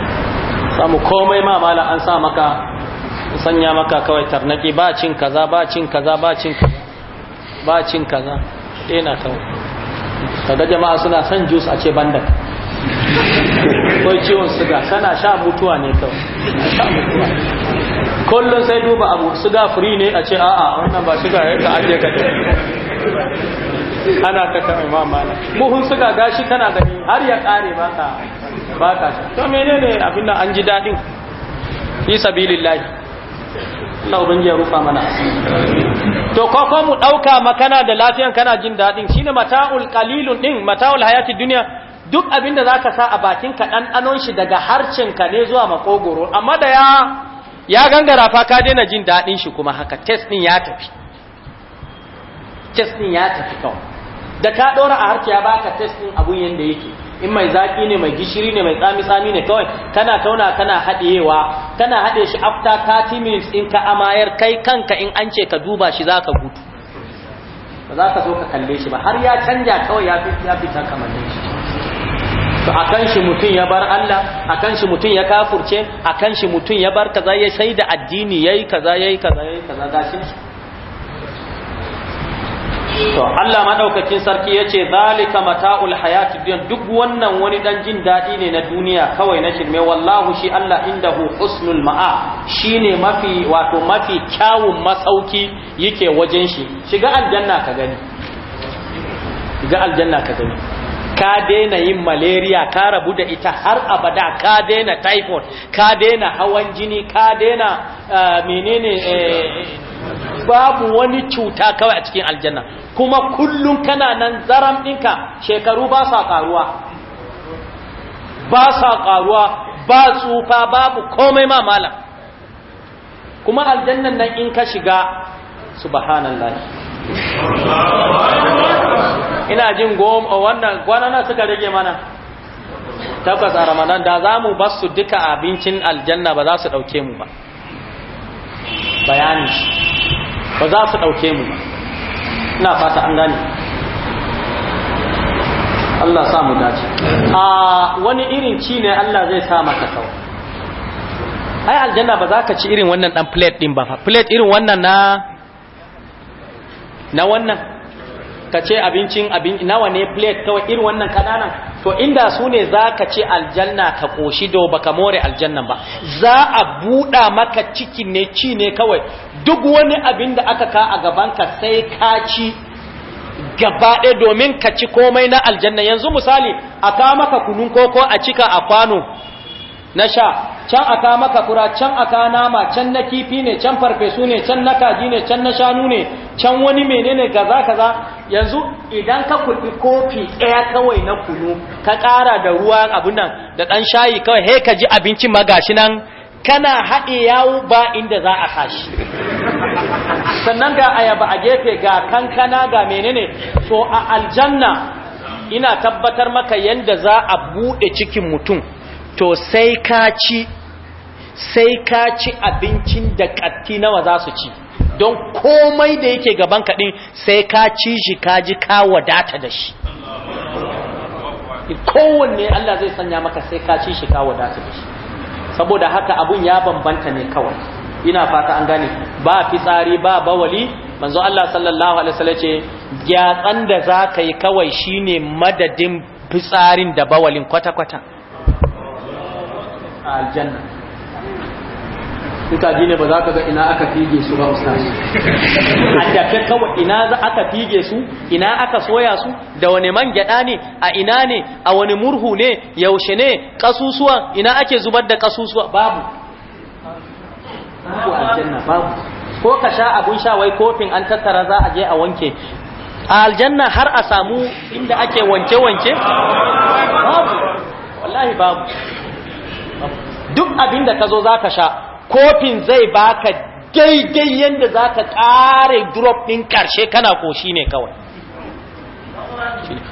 samu komai ma mala an sa maka sanya maka kawai tarnaki ba cin kaza ba cin kaza ba cin kaza ba cin kaza ɗena eh, kawai kada jama'a suna son jus a ce bandan <laughs> ko ciwon suga sana sha mutuwa ne kawai kullum sai duba abu suga free ne a ce a'a wannan ba suga ya ka ajiye ka ana ta kama mamala muhun suga gashi kana gani har ya kare maka. ba shi to menene abin da an ji dadin fi sabilillahi Allah ubangiji ya rufa mana to ko ko mu dauka makana da lafiyan kana jin dadin shine mata'ul qalilun din mata'ul hayati dunya duk abin da zaka sa a bakin ka dan anon shi daga harcin ka ne zuwa makogoro amma da ya ya gangara fa ka daina jin dadin shi kuma haka test din ya tafi test din ya tafi kawai da ka dora a harci ya baka test din abun yanda yake in mai zaƙi ne mai gishiri ne mai tsami-tsami ne kawai kana tauna kana haɗewa kana haɗe shi after 30 minutes in ka amayar kai kanka in an ce ka duba shi za ka gudu ba za ka zo ka kalle shi ba har ya canja kawai ya fita kamannin shi to a kan shi mutum ya bar Allah a kan shi mutum ya kafurce a kan shi mutum ya bar kaza ya sai da addini ya yi kaza ya yi kaza ya yi kaza gashin to Allah madaukakin sarki yace zalika mata'ul hayatid dunya duk wannan wani dan jin dadi ne na duniya kawai na shirme wallahu shi Allah indahu husnul ma'a shine mafi wato mafi kyawun masauki yake wajen shi shiga aljanna ka gani shiga aljanna ka gani ka daina yin malaria ka rabu da ita har abada ka daina typhoid ka daina hawan jini ka daina eh, menene eh, babu wani cuta kawai a cikin aljanna kuma kullum kana nan zaram ɗinka shekaru ba sa ƙaruwa ba sa ƙaruwa ba tsufa babu komai ma malam kuma aljannan nan in ka shiga subhanallahi ina jin goma oh, wannan gwanana suka rage mana takwas a ramadan da za mu basu duka abincin aljanna ba za su ɗauke mu ba bayani ba za su ɗauke mu ba ina fata an gane Allah sa mu dace a wani irin ci ne Allah zai sa maka sau ai aljanna ba za ka ci irin wannan dan plate din ba fa plate irin wannan na na wannan ka ce abincin abin nawa ne plate kawai irin wannan kananan to inda su ne za ka ce aljanna ka koshi do baka more aljannan ba za a buɗa maka ciki ne ci ne kawai duk wani abin da aka ka a gaban ka sai ka ci gaba ɗaya domin ka ci komai na aljanna yanzu misali a ka maka kunun koko a cika a kwano na sha can aka maka kura can aka nama can na kifi ne can farfesu ne can na kaji ne can na shanu ne can wani menene gaza kaza yanzu idan ka kuɗi kofi ɗaya kawai na kunu ka ƙara da ruwa abun nan da ɗan shayi kawai he ka ji abincin ma gashi nan kana haɗe yawo ba inda za a kashi sannan ga ayaba a gefe ga kankana ga menene so a aljanna ina tabbatar maka yanda za a buɗe cikin mutum to sai ka ci sai ka ci abincin da katti nawa za su ci don komai da yake gaban din sai ka ci shi ka ji ka wadata da shi kowanne Allah zai sanya maka sai ka ci shi ka wadata da shi saboda haka abun ya bambanta ne kawai ina fata an gane ba fitsari ba bawali manzo Allah sallallahu alaihi wasallam ce gyatsan da zaka yi kawai shine madadin fitsarin da bawalin kwata-kwata a aljanna mutaji ne ba za ka ga ina aka fige su ba ustazi a tafi kawai ina za aka fige su ina aka soya su da wani man gyada ne a ina ne a wani murhu ne yaushe ne kasusuwa ina ake zubar da kasusuwa babu babu aljanna babu ko ka sha abun sha wai kofin an tattara za a je a wanke a aljanna har a samu inda ake wanke-wanke babu wallahi babu duk abin da ka zo za ka sha kofin zai baka daidai yadda za ka ƙare drop ɗin ƙarshe kana koshi ne kawai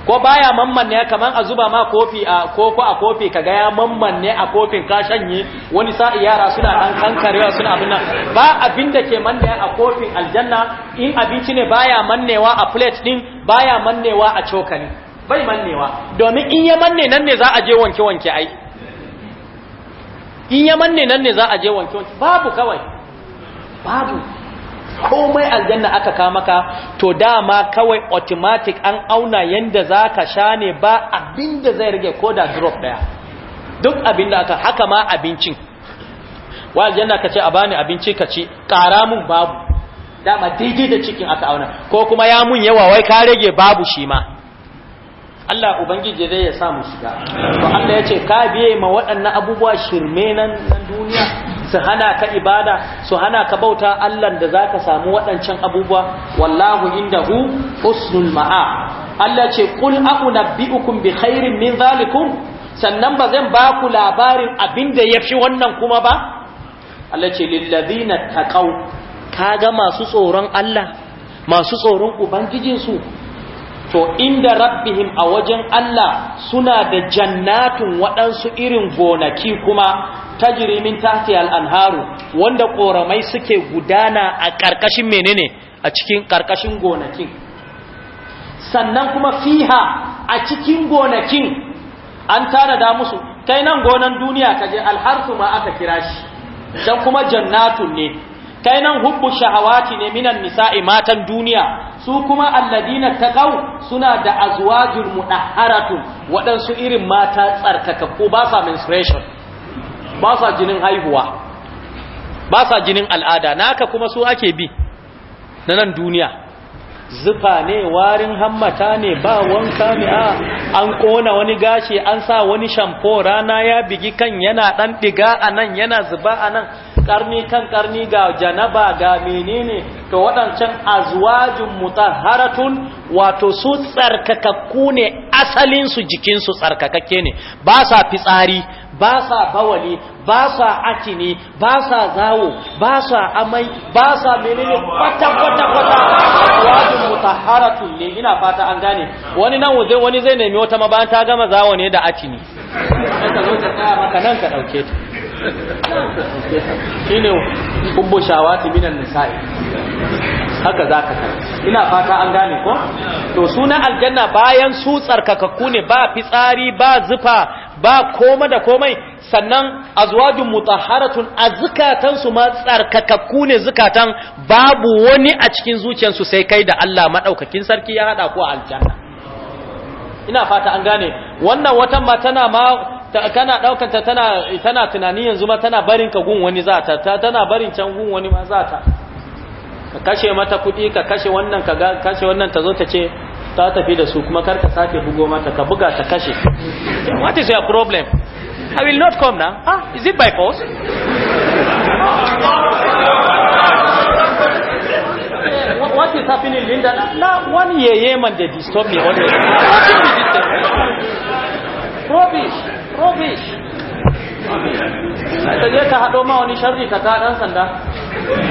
ko baya mamman ne kamar a zuba ma kofi a koko a kofi ka gaya mamman ne a kofin ka shanye wani sa'i yara suna dan kankarewa suna abin nan ba abin da ke manne a kofin aljanna in abinci ne baya mannewa a plate din baya mannewa a cokali bai mannewa domin in ya manne nan ne za a je wanke wanke ai in yaman ne nan ne za a je wanke wanke babu kawai babu komai aljanna aka ka maka to dama kawai automatic an auna yanda za ka sha ne ba abinda zai rage ko da drop daya duk abinda aka haka ma abincin wa aljanna ka ce a bani abinci ka ci kara mun babu dama daidai da cikin aka auna ko kuma ya mun yawa wai ka rage babu shi ma Allah ubangiji dai ya samu shiga to Allah ya ce ka biye ma waɗannan abubuwa shirme nan nan duniya su hana ka ibada su hana ka bauta Allah da zaka samu waɗancan abubuwa wallahu indahu husnul ma'a Allah ce qul a'unabbi'ukum bi khairin min zalikum sannan ba zan ba ku labarin abin da fi wannan kuma ba Allah ce lillazina taqaw kaga masu tsoron Allah masu tsoron ubangijinsu to inda rabbihim a wajen Allah suna da jannatun waɗansu irin gonaki kuma ta jirimin tahti al'anharu wanda ƙoramai suke gudana a ƙarƙashin menene a cikin ƙarƙashin gonakin sannan kuma fiha a cikin gonakin an tara da musu kai nan gonan duniya kaje alharsu ma aka kira shi don kuma jannatun ne kai nan hubbu shahawati ne minan nisa'i matan duniya su kuma alladina taqaw suna da azwajul mudahharatun waɗansu irin mata ko ba sa menstruation ba sa jinin haihuwa ba sa jinin al'ada naka kuma su ake bi na nan duniya zufa ne warin hammata ne ba wanka ne a an kona wani gashi an sa wani shampo rana ya bigi kan yana dan diga a nan yana zuba a nan karni kan karni ga janaba ga menene to waɗancan azwajin mutahharatun wato su tsarkakakku ne asalinsu jikinsu jikin su tsarkakakke ne ba sa fitsari ba sa bawali ba sa atini ba sa zawo ba sa amai ba sa menene kwata kwata kwata wajin mutaharatu ne ina fata an gane wani nan waje wani zai nemi wata ma bayan ta gama zawo ne da atini ka nan ka dauke ta shine hubbu shawati minan nisa'i haka zaka ina fata an gane ko to sunan aljanna bayan su tsarkakakku ne ba fitsari ba zufa ba koma da komai sannan azwajun mutahharatun azkatan su ma tsarkakakku ne zukatan babu wani a cikin zuciyarsu sai kai da Allah madaukakin sarki ya hada ku a aljanna ina fata an gane wannan watan ma tana ma kana daukar ta tana tana tunani yanzu ma tana barin ka gun wani za ta tana barin can gun wani ma za ta ka kashe mata kuɗi ka kashe wannan ka kashe wannan ta zo ta ce ta tafi da su kuma kar ka sake bugo mata ka buga ta kashe what is your problem i will not come now ah is it by force what is happening linda now one year yemen they disturb me always rubbish rubbish rubbish ka je ka haɗo ma wani sharri ka ta ɗan sanda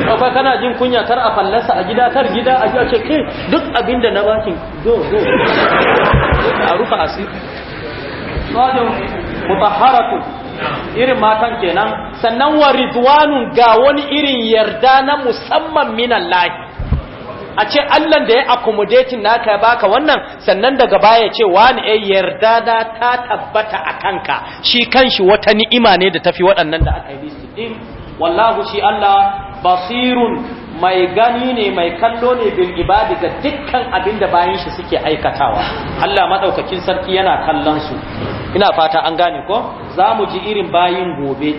akwai kana jin kunya kar a fallasa a gida kar gida a ji ce ke duk abin da na baki do zo a rufa asi sojin mutaharatu irin matan kenan sannan wa ridwanun ga wani irin yarda na musamman minan lahi a ce allan da ya accommodating naka ya baka wannan sannan daga baya ce wani ya eh, yarda da ta tabbata a kanka shi kanshi wata ni'ima ne da tafi waɗannan da aka yi listi din wallahu shi Allah basirun mai gani ne mai kallo ne bil ibadi ga dukkan abin da bayan shi suke aikatawa Allah madaukakin sarki yana kallon su ina fata an gane ko za mu ji irin bayin gobe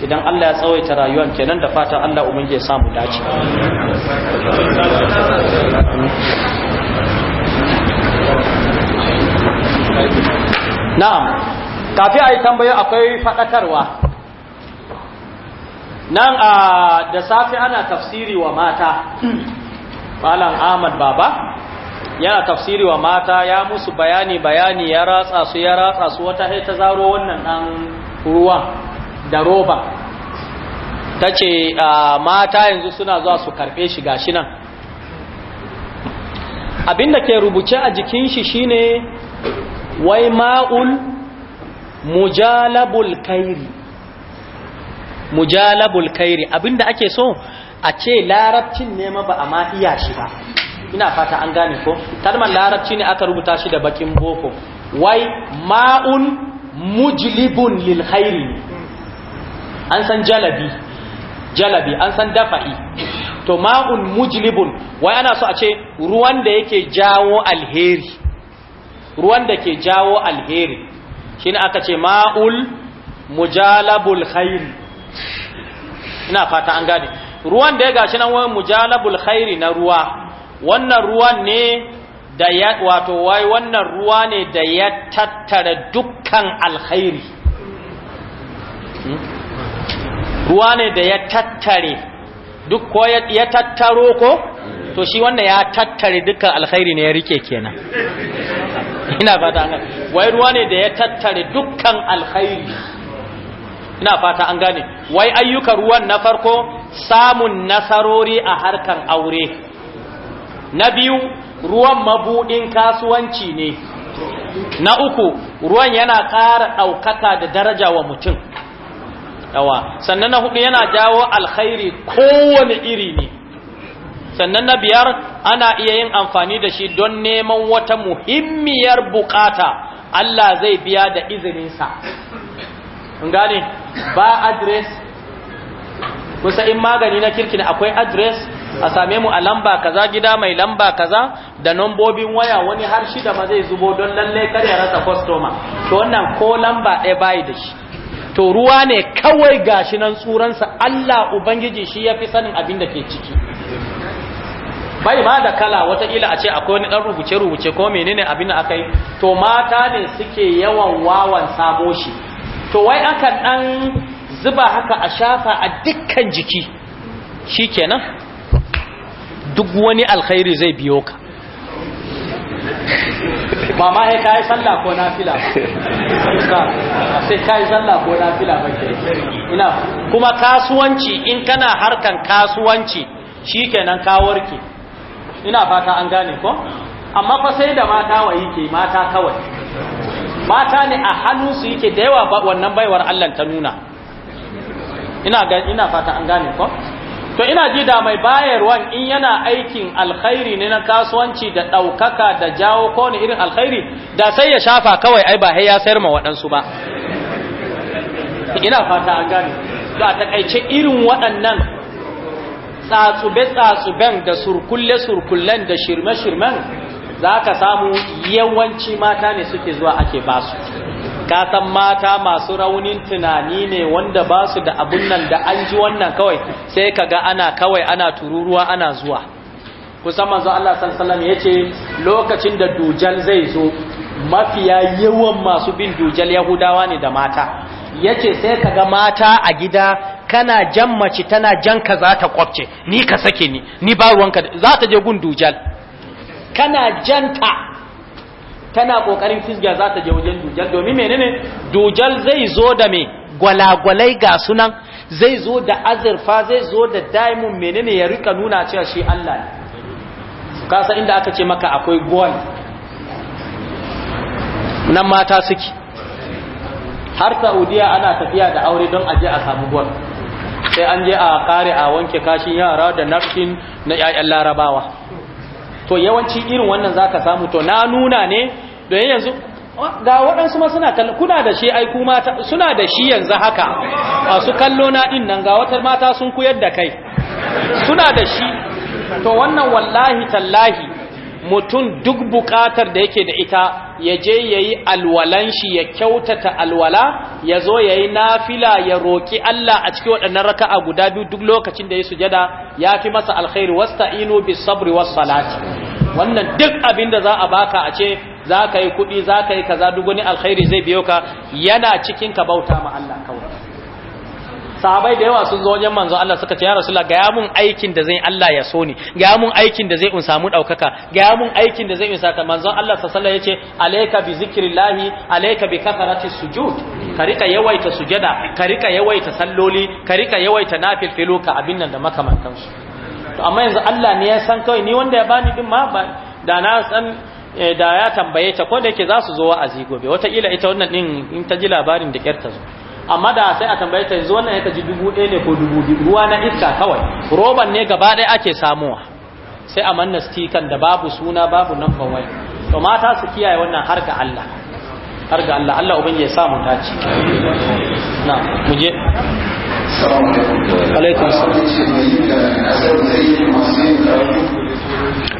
idan Allah ya tsawaita rayuwar kenan da fata Allah umarge ya samu dace na'am kafi a yi akwai fadakarwa nan a ah, da safe ana tafsiri wa mata malam ahmad baba yana tafsiri wa mata ya musu bayani bayani ya ratsa su ya ratsa su wata hai ta zaro wannan dan ruwa da roba ta ce ah, mata yanzu suna zuwa su karbe shi gashi nan abinda ke rubuce a jikin shi shine wai ma'ul mujalabul kairi mujalabul kairi abinda ake so a ce larabcin ne ma ba a ma shi ba ina fata an gane ko kalmar larabci ne aka rubuta shi da bakin boko wai ma'un mujlibun lil khairi an san jalabi jalabi an san dafa'i to ma'un mujlibun wai ana so a ce ruwan da yake jawo alheri ruwan da ke jawo alheri shine aka ce ma'ul mujalabul khairi ina fata an gane ruwan da ya gashi nan wani mujalabul khairi na ruwa wannan ruwan ne da ya wato wai wannan ruwa ne da ya tattara dukkan alkhairi hmm? ruwa ne da ya tattare duk ko ya tattaro ko to shi wannan ya tattare dukkan alkhairi ne ya rike kenan <laughs> ina fata an gane wai ruwa ne da ya tattare dukkan alkhairi ina fata an gane wai ayyukan ruwan na farko samun nasarori a harkan aure na biyu ruwan mabuɗin kasuwanci ne na uku ruwan yana ƙara ɗaukaka da daraja wa mutum yawa sannan na hudu yana jawo alkhairi kowane iri ne sannan na biyar ana iya yin amfani da shi don neman wata muhimmiyar bukata Allah zai biya da izininsa kun gane ba address kusa in magani na kirkin akwai adres, a same mu a lamba kaza gida mai lamba kaza da nombobin waya wani har shida ma zai zubo don lalle kar ya rasa kwastoma. to wannan ko lamba ɗaya bai da shi to ruwa ne kawai gashi nan tsuransa Allah ubangiji shi yafi sanin abin da ke ciki bai ma da kala wataƙila a ce akwai wani ɗan rubuce-rubuce ko menene abin da aka yi to mata ne suke yawan wawan sabo shi to wai akan dan zuba haka a shafa a dukkan jiki shi kenan duk wani alkhairi zai biyo ka Mama, ma sai kayi sallah ko nafila sai kayi sallah ko nafila ke. ina kuma kasuwanci in kana harkan kasuwanci shikenan ka warke ina fata an gane ko amma fa sai da mata wayi ke mata kawai mata ne a hannunsu yake da yawa ba wannan baiwar Allah ta nuna ina ga fata an gane ko to ina ji da mai bayarwan in yana aikin alkhairi ne na kasuwanci da ɗaukaka da jawo ko ne irin alkhairi da sai ya shafa kawai ai ba sai ya sayar ma waɗansu ba ina fata an gane to a takaice irin waɗannan tsatsube-tsatsuben da surkulle-surkullen da shirme-shirmen za ka samu yawanci mata ne suke zuwa ake basu kasan mata masu raunin tunani ne wanda basu da abun nan da an ji wannan kawai sai ka ga ana kawai ana tururuwa ana zuwa kusan manzo Allah sallallahu ya ce lokacin da dujal zai zo mafiya yawan masu bin dujal yahudawa ne da mata yace sai ka ga mata a gida kana jan mace tana jan ka za ta kwafce ni ka sake ni ni ba ruwanka za ta je gun dujal kana janta tana kokarin fisga za ta je wajen dujal domin menene dujal zai zo da me gwalagwalai ga sunan zai zo da azurfa zai zo da diamond menene ya rika nuna cewa shi Allah ne kasa inda aka ce maka akwai gold nan mata suke har saudiya ana tafiya da aure don aje a samu gold sai an je a kare a wanke kashin yara da nafkin na 'ya'yan larabawa to yawanci irin wannan zaka samu to na nuna ne don yanzu ga waɗansu ma suna kallo kuna da shi ai kuma suna da shi yanzu haka masu kallo na din nan ga wata mata sun kuyar da kai suna da shi to wannan wallahi tallahi mutum duk bukatar da yake da ita ya je ya yi alwalan shi ya kyautata alwala ya zo ya yi nafila ya roƙi Allah a cikin waɗannan raka'a guda biyu duk lokacin da ya sujada ya fi masa alkhairi wasta'inu bi sabri was salati wannan duk abin da za a baka a ce za ka yi kuɗi za ka yi kaza duk wani alkhairi zai biyo ka yana cikin ka bauta ma Allah kawai sahabai da yawa sun zo wajen manzo Allah suka ce ya rasulullah ga mun aikin da zai Allah ya so ni ga mun aikin da zai in samu daukaka ga mun aikin da zai in saka manzon Allah sallallahu alaihi yace alayka bi zikrillahi alayka bi kafarati sujud ka yawaita sujada ka yawaita salloli ka yawaita nafilfilu ka abin nan da su to amma yanzu Allah ne ya san kai ni wanda ya bani din ma ba da na san eh, da ya tambaye ta ko da yake za su zo wa'azi gobe wataƙila ita wannan din in ta ji labarin da kyar ta zo amma da sai a tambaye ta yanzu wannan ya kaji dubu ɗaya ne ko dubu biyu ruwa na iska kawai roban ne gaba ɗaya ake samuwa sai a manna stikan da babu suna babu nan wai to mata su kiyaye wannan har ga Allah har ga Allah Allah ubangi ya sa mu dace na mu je alaikum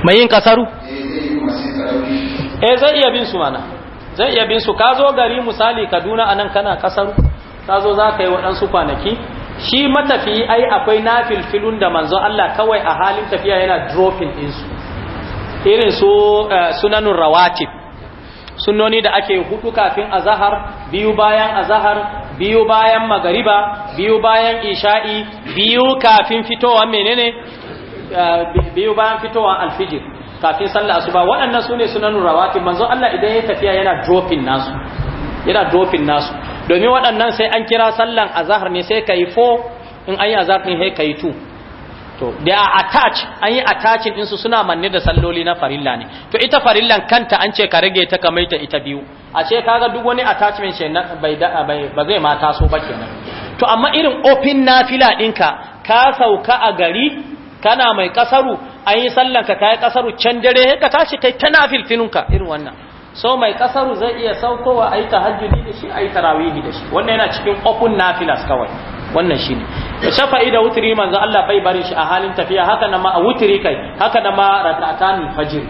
mai yin kasaru eh zai iya bin su mana zai iya bin su ka zo gari misali Kaduna anan kana kasaru Ta zo za ka yi waɗansu kwanaki shi matafiyi ai akwai nafilfilun da manzo Allah kawai a halin tafiya yana dropping insu. irin su eh, sunanun rawatib sunoni da ake hudu kafin azahar biyu bayan azahar biyu bayan magariba biyu bayan isha'i biyu kafin fitowa menene eh, biyu bayan fitowa alfijir kafin sallah asuba waɗannan sune sunanun rawatib manzo Allah idan ya tafiya yana dropping nasu yana dropping nasu domin waɗannan sai an kira sallan azahar ne sai ka yi 4 in an yi azahar ne sai ka yi 2 to da a attach an yi attachin insu suna manne da salloli na farilla ne to ita farillan kanta an ce ka rage ta kamar ta ita biyu a ce kaga duk wani attachment ce bai ba zai ma taso ba kenan to amma irin open nafila dinka ka sauka a gari kana mai kasaru an yi sallanka ka yi kasaru can dare ka tashi kai ta nafil irin wannan so mai kasaru zai iya saukowa a yi ta tahajjudi da shi a yi tarawihi da shi wannan yana cikin na filas kawai wannan shi ne da shafa'i da wutiri manzo Allah bai barin shi a halin tafiya haka na ma a wuturi kai haka na ma raka'atan fajr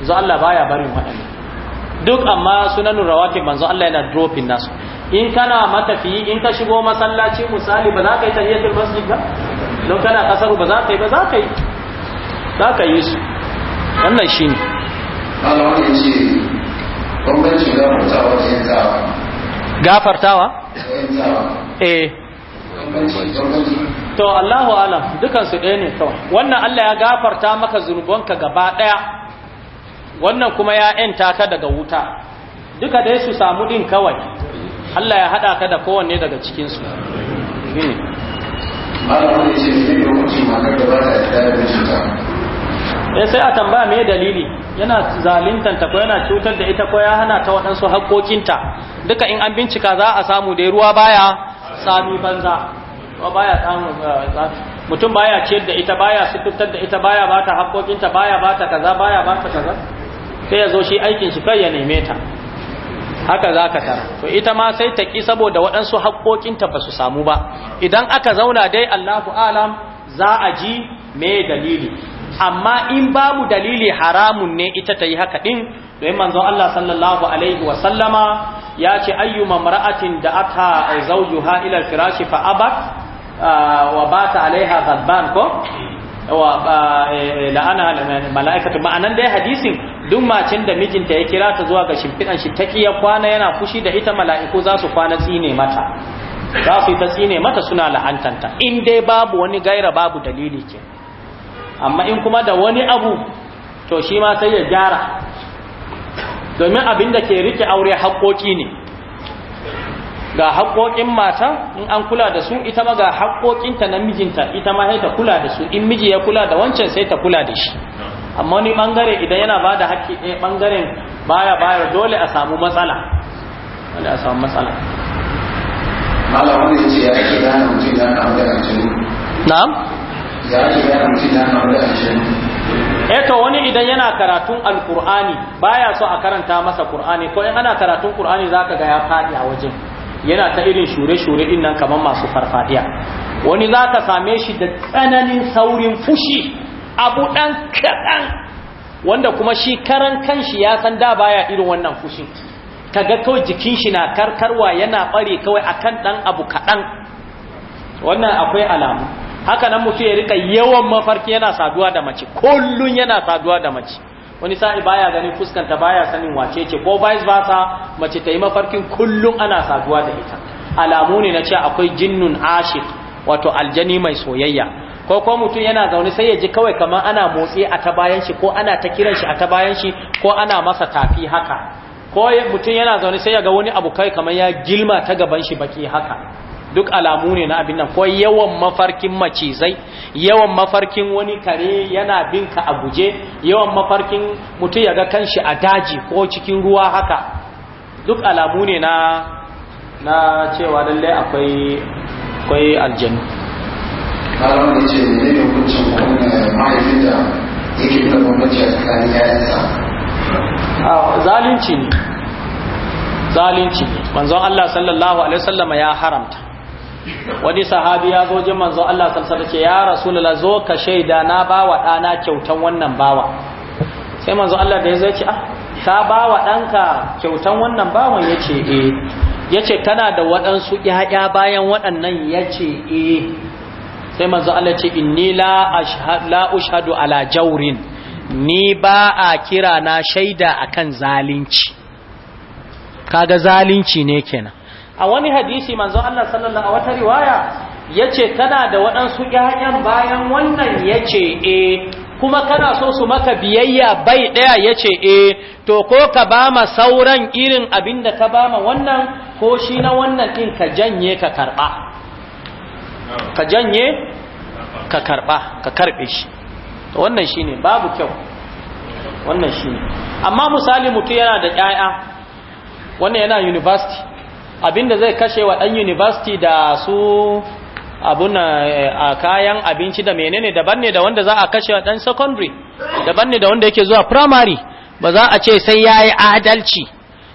manzo Allah baya barin waɗannan duk amma sunanun rawatib manzo Allah yana dropping nasu in kana matafiyi in ka shigo masallaci misali ba za ka yi tahiyatul masjid ba don kana kasaru ba za ka yi ba za ka yi za ka yi su wannan shine Allah wannan shi gafartawa eh to Allahu alam dukan su ɗaya ne kawai wannan Allah ya gafarta maka zunubanka gaba ɗaya wannan kuma ya ‘yanta ka daga wuta duka dai su samu ɗin kawai Allah ya haɗa ka da kowanne daga cikinsu Malamun da ce ne da ba ta da eh sai a tambaya me dalili yana zalintan ta ko yana cutar da ita ko ya hana ta waɗansu haƙoƙinta duka in an bincika za a samu dai ruwa baya sami banza ruwa baya samu eh, mutum baya ciyar da ita baya sukutar da ita baya bata haƙoƙinta baya bata kaza baya bata kaza sai ya zo shi aikin shi kai ya neme ta haka za ka tara to ita ma sai ta ƙi saboda waɗansu haƙoƙinta ba su samu ba idan aka zauna dai allahu alam za a ji me dalili amma in babu dalili haramun ne ita ta yi haka ɗin domin manzon Allah sallallahu alaihi wa sallama ya ce ayyuma mamra'atin da aka zawjuha ila firashi fa abat ah, wa bata alaiha ghadban ko eh, eh, la'ana mala'ikatu ma'anan dai hadisin duk macin da mijinta ya kira ta zuwa ga shimfidan shi ta kiya kwana yana fushi da ita mala'iku za su kwana tsine mata za su yi ta tsine mata suna la'antanta in dai babu wani gaira babu dalili ke amma in kuma da wani abu to shi ma sai ya gyara domin abin da ke rike aure haƙoƙi ne ga haƙoƙin mata in an kula da su ita ma ga haƙoƙinta na mijinta ita ma sai ta kula da su in miji ya kula da wancan sai ta kula da shi amma wani bangare idan yana ba da haƙƙi ɗaya bangaren baya baya dole a samu matsala dole a samu matsala malam wani ce ya ake gane mutum na da aljanu na'am Eto wani idan yana karatun alkur'ani baya so a karanta masa kur'ani ko in ana karatun kur'ani zaka ga ya faɗi a wajen yana ta irin shure-shure din nan kamar masu farfadiya wani zaka same shi da tsananin saurin fushi abu ɗan kaɗan wanda kuma shi karan kanshi ya san da baya irin wannan fushin kaga kawai jikin shi na karkarwa yana bare kawai akan ɗan abu kaɗan wannan akwai alamu haka nan mutum ya rika yawan mafarki yana saduwa da mace kullun yana saduwa da mace wani sa'i baya ganin fuskanta baya sanin wace ce ko vice versa mace ta yi mafarkin kullun ana saduwa da ita alamu ne na cewa akwai jinnun ashik wato aljani mai soyayya ko ko mutum yana zaune sai ya ji kawai kamar ana motsi a ta bayan shi ko ana ta kiran shi a ta bayan shi ko ana masa tafi haka ko mutum yana zaune sai ya ga wani abu kai kamar ya gilma ta gaban shi baki haka duk alamu ne na abin nan ko yawan mafarkin macizai yawan mafarkin wani kare yana bin ka a guje yawan mafarkin mutum ya ga kanshi a daji ko cikin ruwa haka duk alamu ne na na cewa lallai akwai akwai aljanu ne da da a tsakanin yayansa zalunci ne zalunci ne manzon Allah sallallahu alaihi wasallam ya haramta wani sahabi ya zo jin manzo Allah sallallahu alaihi ya rasulullah zo ka shaida na bawa dana kyautan wannan bawa sai manzo Allah da ya zai ce ah ka bawa danka kyautan wannan bawan yace eh yace tana da waɗansu ƴaƴa bayan waɗannan yace eh sai manzo Allah ce inni la ashhadu la ushhadu ala jawrin ni ba a kira na shaida akan zalunci kaga zalunci ne kenan a wani hadisi manzo Allah sallallahu a wata riwaya yace kana da waɗansu ƴaƴan bayan wannan yace eh kuma kana so su maka biyayya bai ɗaya yace eh to ko ka ba ma sauran irin abin da ka ma wannan ko shi na wannan ɗin ka janye ka karɓa ka janye ka karɓa ka karɓe shi wannan shine babu kyau wannan shine amma misali mutum yana da ƴaƴa wannan yana university abinda zai kashe wa ɗan university da su abun eh, a kayan abinci da menene daban ne da wanda za a kashe wa ɗan secondary daban ne da wanda yake zuwa primary ba za a ce sai ya yi adalci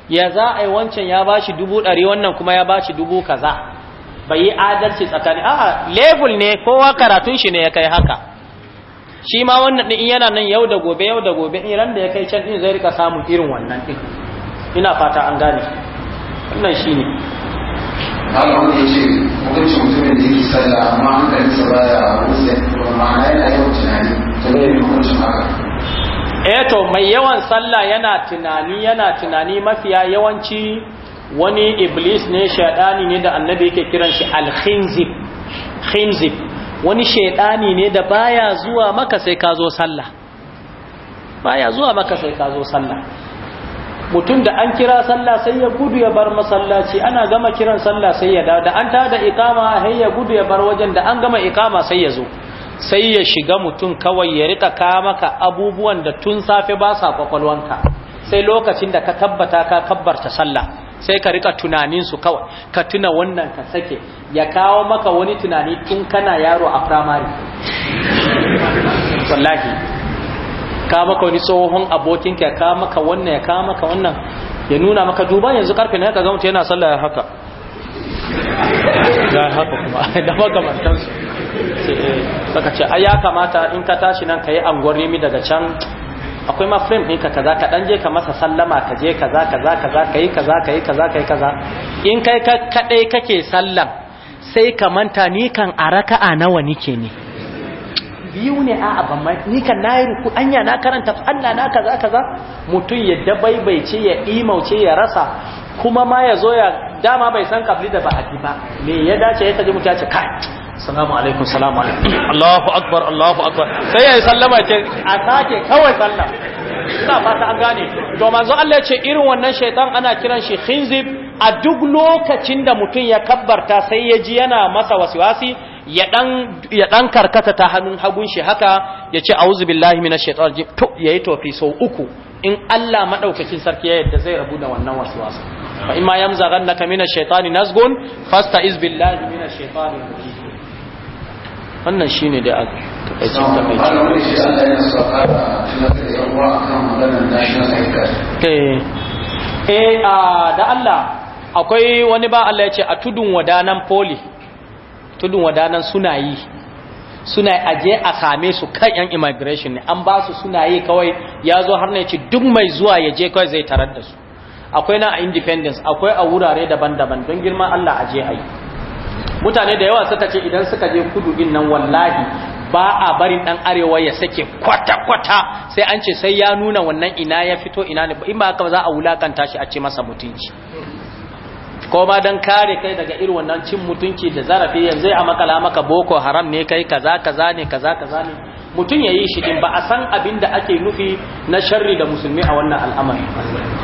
ya za a yi wancan ya bashi dubu ɗari wannan kuma ya bashi dubu kaza bai yi adalci tsakani a level ne kowa karatun shi ne ya kai haka shi ma wannan ɗin yana nan yau da gobe yau da gobe in ran da ya kai can ɗin zai rika samun irin wannan ɗin ina fata an gane wannan shi ne wanda ya ce mutumin da amma baya wuce ma'ana tunani ta ne eto eh mai yawan sallah yana tunani yana tunani mafiya yawanci wani iblis ne shaidani ne da annabi yake kiran shi al-khinzib wani shaidani ne da baya zuwa maka sai ka zo tsalla baya zuwa maka sai ka zo sallah mutum da an kira sallah sai ya gudu ya bar masallaci ana gama kiran sallah sai ya dawo da an tada ikama sai ya gudu ya bar wajen da an gama ikama sai ya zo sai ya shiga mutum kawai ya rika ka maka abubuwan da tun safe ba sa kwakwalwanka sai lokacin da ka tabbata ka kabbarta sallah sai ka rika tunaninsu kawai ka tuna wannan ka sake ya kawo maka wani tunani tun kana yaro a firamare wallahi ka maka wani tsohon abokinka ya ka maka wannan ya ka maka wannan ya nuna maka duba yanzu karfe na ka ga mutum yana sallah ya haka ya haka kuma <laughs> da su eh, saka ce ai ya kamata in ka tashi nan ka yi anguwar nemi daga can akwai ma frame ɗinka kaza ka ɗan je ka masa sallama ka je kaza kaza kaza ka yi kaza ka yi kaza ka yi kaza in kai kadai kake sallam sai ka manta ni kan a raka'a nawa nike ne biyu ne a ban ni kan nayi ruku anya na karanta Allah na kaza kaza mutun ya dabaibaice ya imauce ya rasa kuma ma ya zo ya dama bai san kabli da ba'adi ba me ya dace ya kaji mutu ya ce kai assalamu alaikum salamu alaikum <coughs> Allahu akbar Allahu akbar sai ya sallama ce a sake kawai sallah ina fata an gane to manzo Allah ya ce irin wannan shaytan ana kiran shi khinzib a duk lokacin da mutun ya kabbarta sai ya ji yana masa waswasi ya ɗan karkata ta hannun hagun shi haka ya ce auzu billahi mina shaitan jim to ya yi tofi sau uku in Allah maɗaukacin sarki ya yadda zai rabu da wannan wasu wasu Ba ima yam zagan na kamina shaitani nasgun fasta iz billahi mina shaitani wannan shi ne da aka taɓaicin taɓaicin eh, eh da Allah akwai wani ba Allah ya ce a tudun wadanan poli tudun wadanan suna yi suna aje a same su kan yan immigration ne an ba su suna yi kawai ya zo har na ci duk mai zuwa ya je kawai zai tarar da su akwai na independence akwai a wurare daban-daban don girman Allah aje a yi mutane da yawa suka ce idan suka je kudu din nan wallahi ba a barin dan arewa ya sake kwata-kwata sai an ce sai ya nuna wannan ina ya fito ina ne in ba haka za a wulakanta shi a ce masa mutunci ko ma don kare kai daga irin wannan cin mutunci da zarafi yanzu a makala maka boko haram ne kai kaza kaza ne kaza kaza ne mutum ya yi shi din ba a san abin da ake nufi na sharri da musulmi a wannan al'amari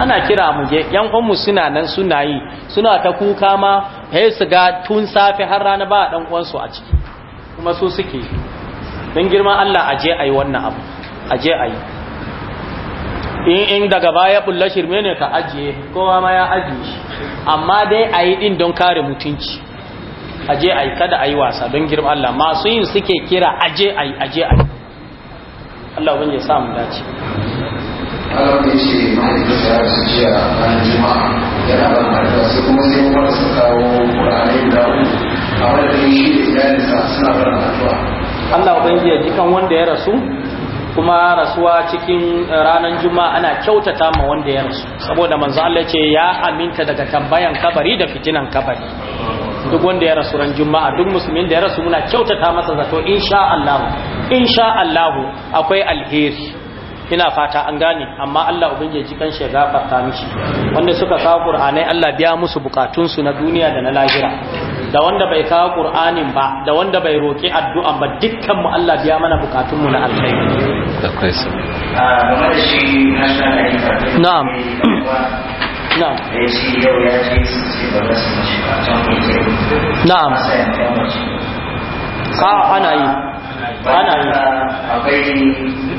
ana kira mu je yan uwanmu suna nan suna yi suna ta kuka ma sai su ga tun safe har rana ba dan uwansu a ciki kuma su suke don girman Allah aje ayi wannan abu aje ayi in in daga baya bulla shirme ne ka ajiye kowa ma ya ajiye shi amma dai a yi ɗin don kare mutunci aje a kada a wasa don girma Allah masu yin suke kira aje a yi aje a yi Allah wani ya samu dace Allah ubangiji ya ji kan wanda ya rasu kuma rasuwa cikin eh, ranar juma'a ana kyautata ma wanda ya rasu saboda manzo Allah ce ya aminta daga tambayan kabari da fitinan kabari duk wanda ya rasu ran juma'a duk musulmin da ya rasu muna kyautata masa zato insha Allah insha Allah akwai alheri ina fata an gane amma Allah ubangiji kan shi gafarta mishi wanda suka kawo qur'anai Allah biya musu bukatunsu na duniya da na lahira da wanda bai kawo qur'anin ba da wanda bai roki addu'a ba dukkan mu Allah biya mana bukatun mu na alkhairi kai sa ah, na'am eh, na'am na'am a ana yi ana yi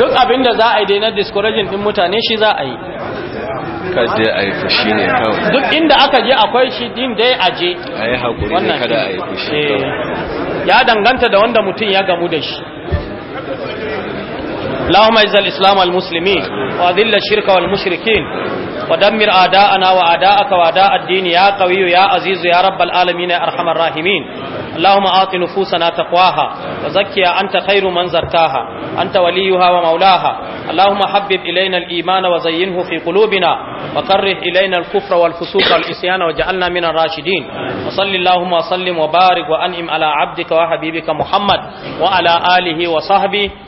duk abin da za a yi dai na discouraging din mutane shi za a yi duk inda aka je akwai shi din dai a je eh, ya danganta da wanda mutum ya gamu da shi اللهم اعز الاسلام والمسلمين واذل الشرك والمشركين ودمر آداءنا وآداءك وآداء الدين يا قوي يا عزيز يا رب العالمين يا أرحم الراحمين اللهم آت نفوسنا تقواها وزكها أنت خير من زكاها أنت وليها ومولاها اللهم حبب إلينا الإيمان وزينه في قلوبنا وكره إلينا الكفر والفسوق والعصيان وجعلنا من الراشدين وصل اللهم وسلم وبارك وأنعم على عبدك وحبيبك محمد وعلى آله وصحبه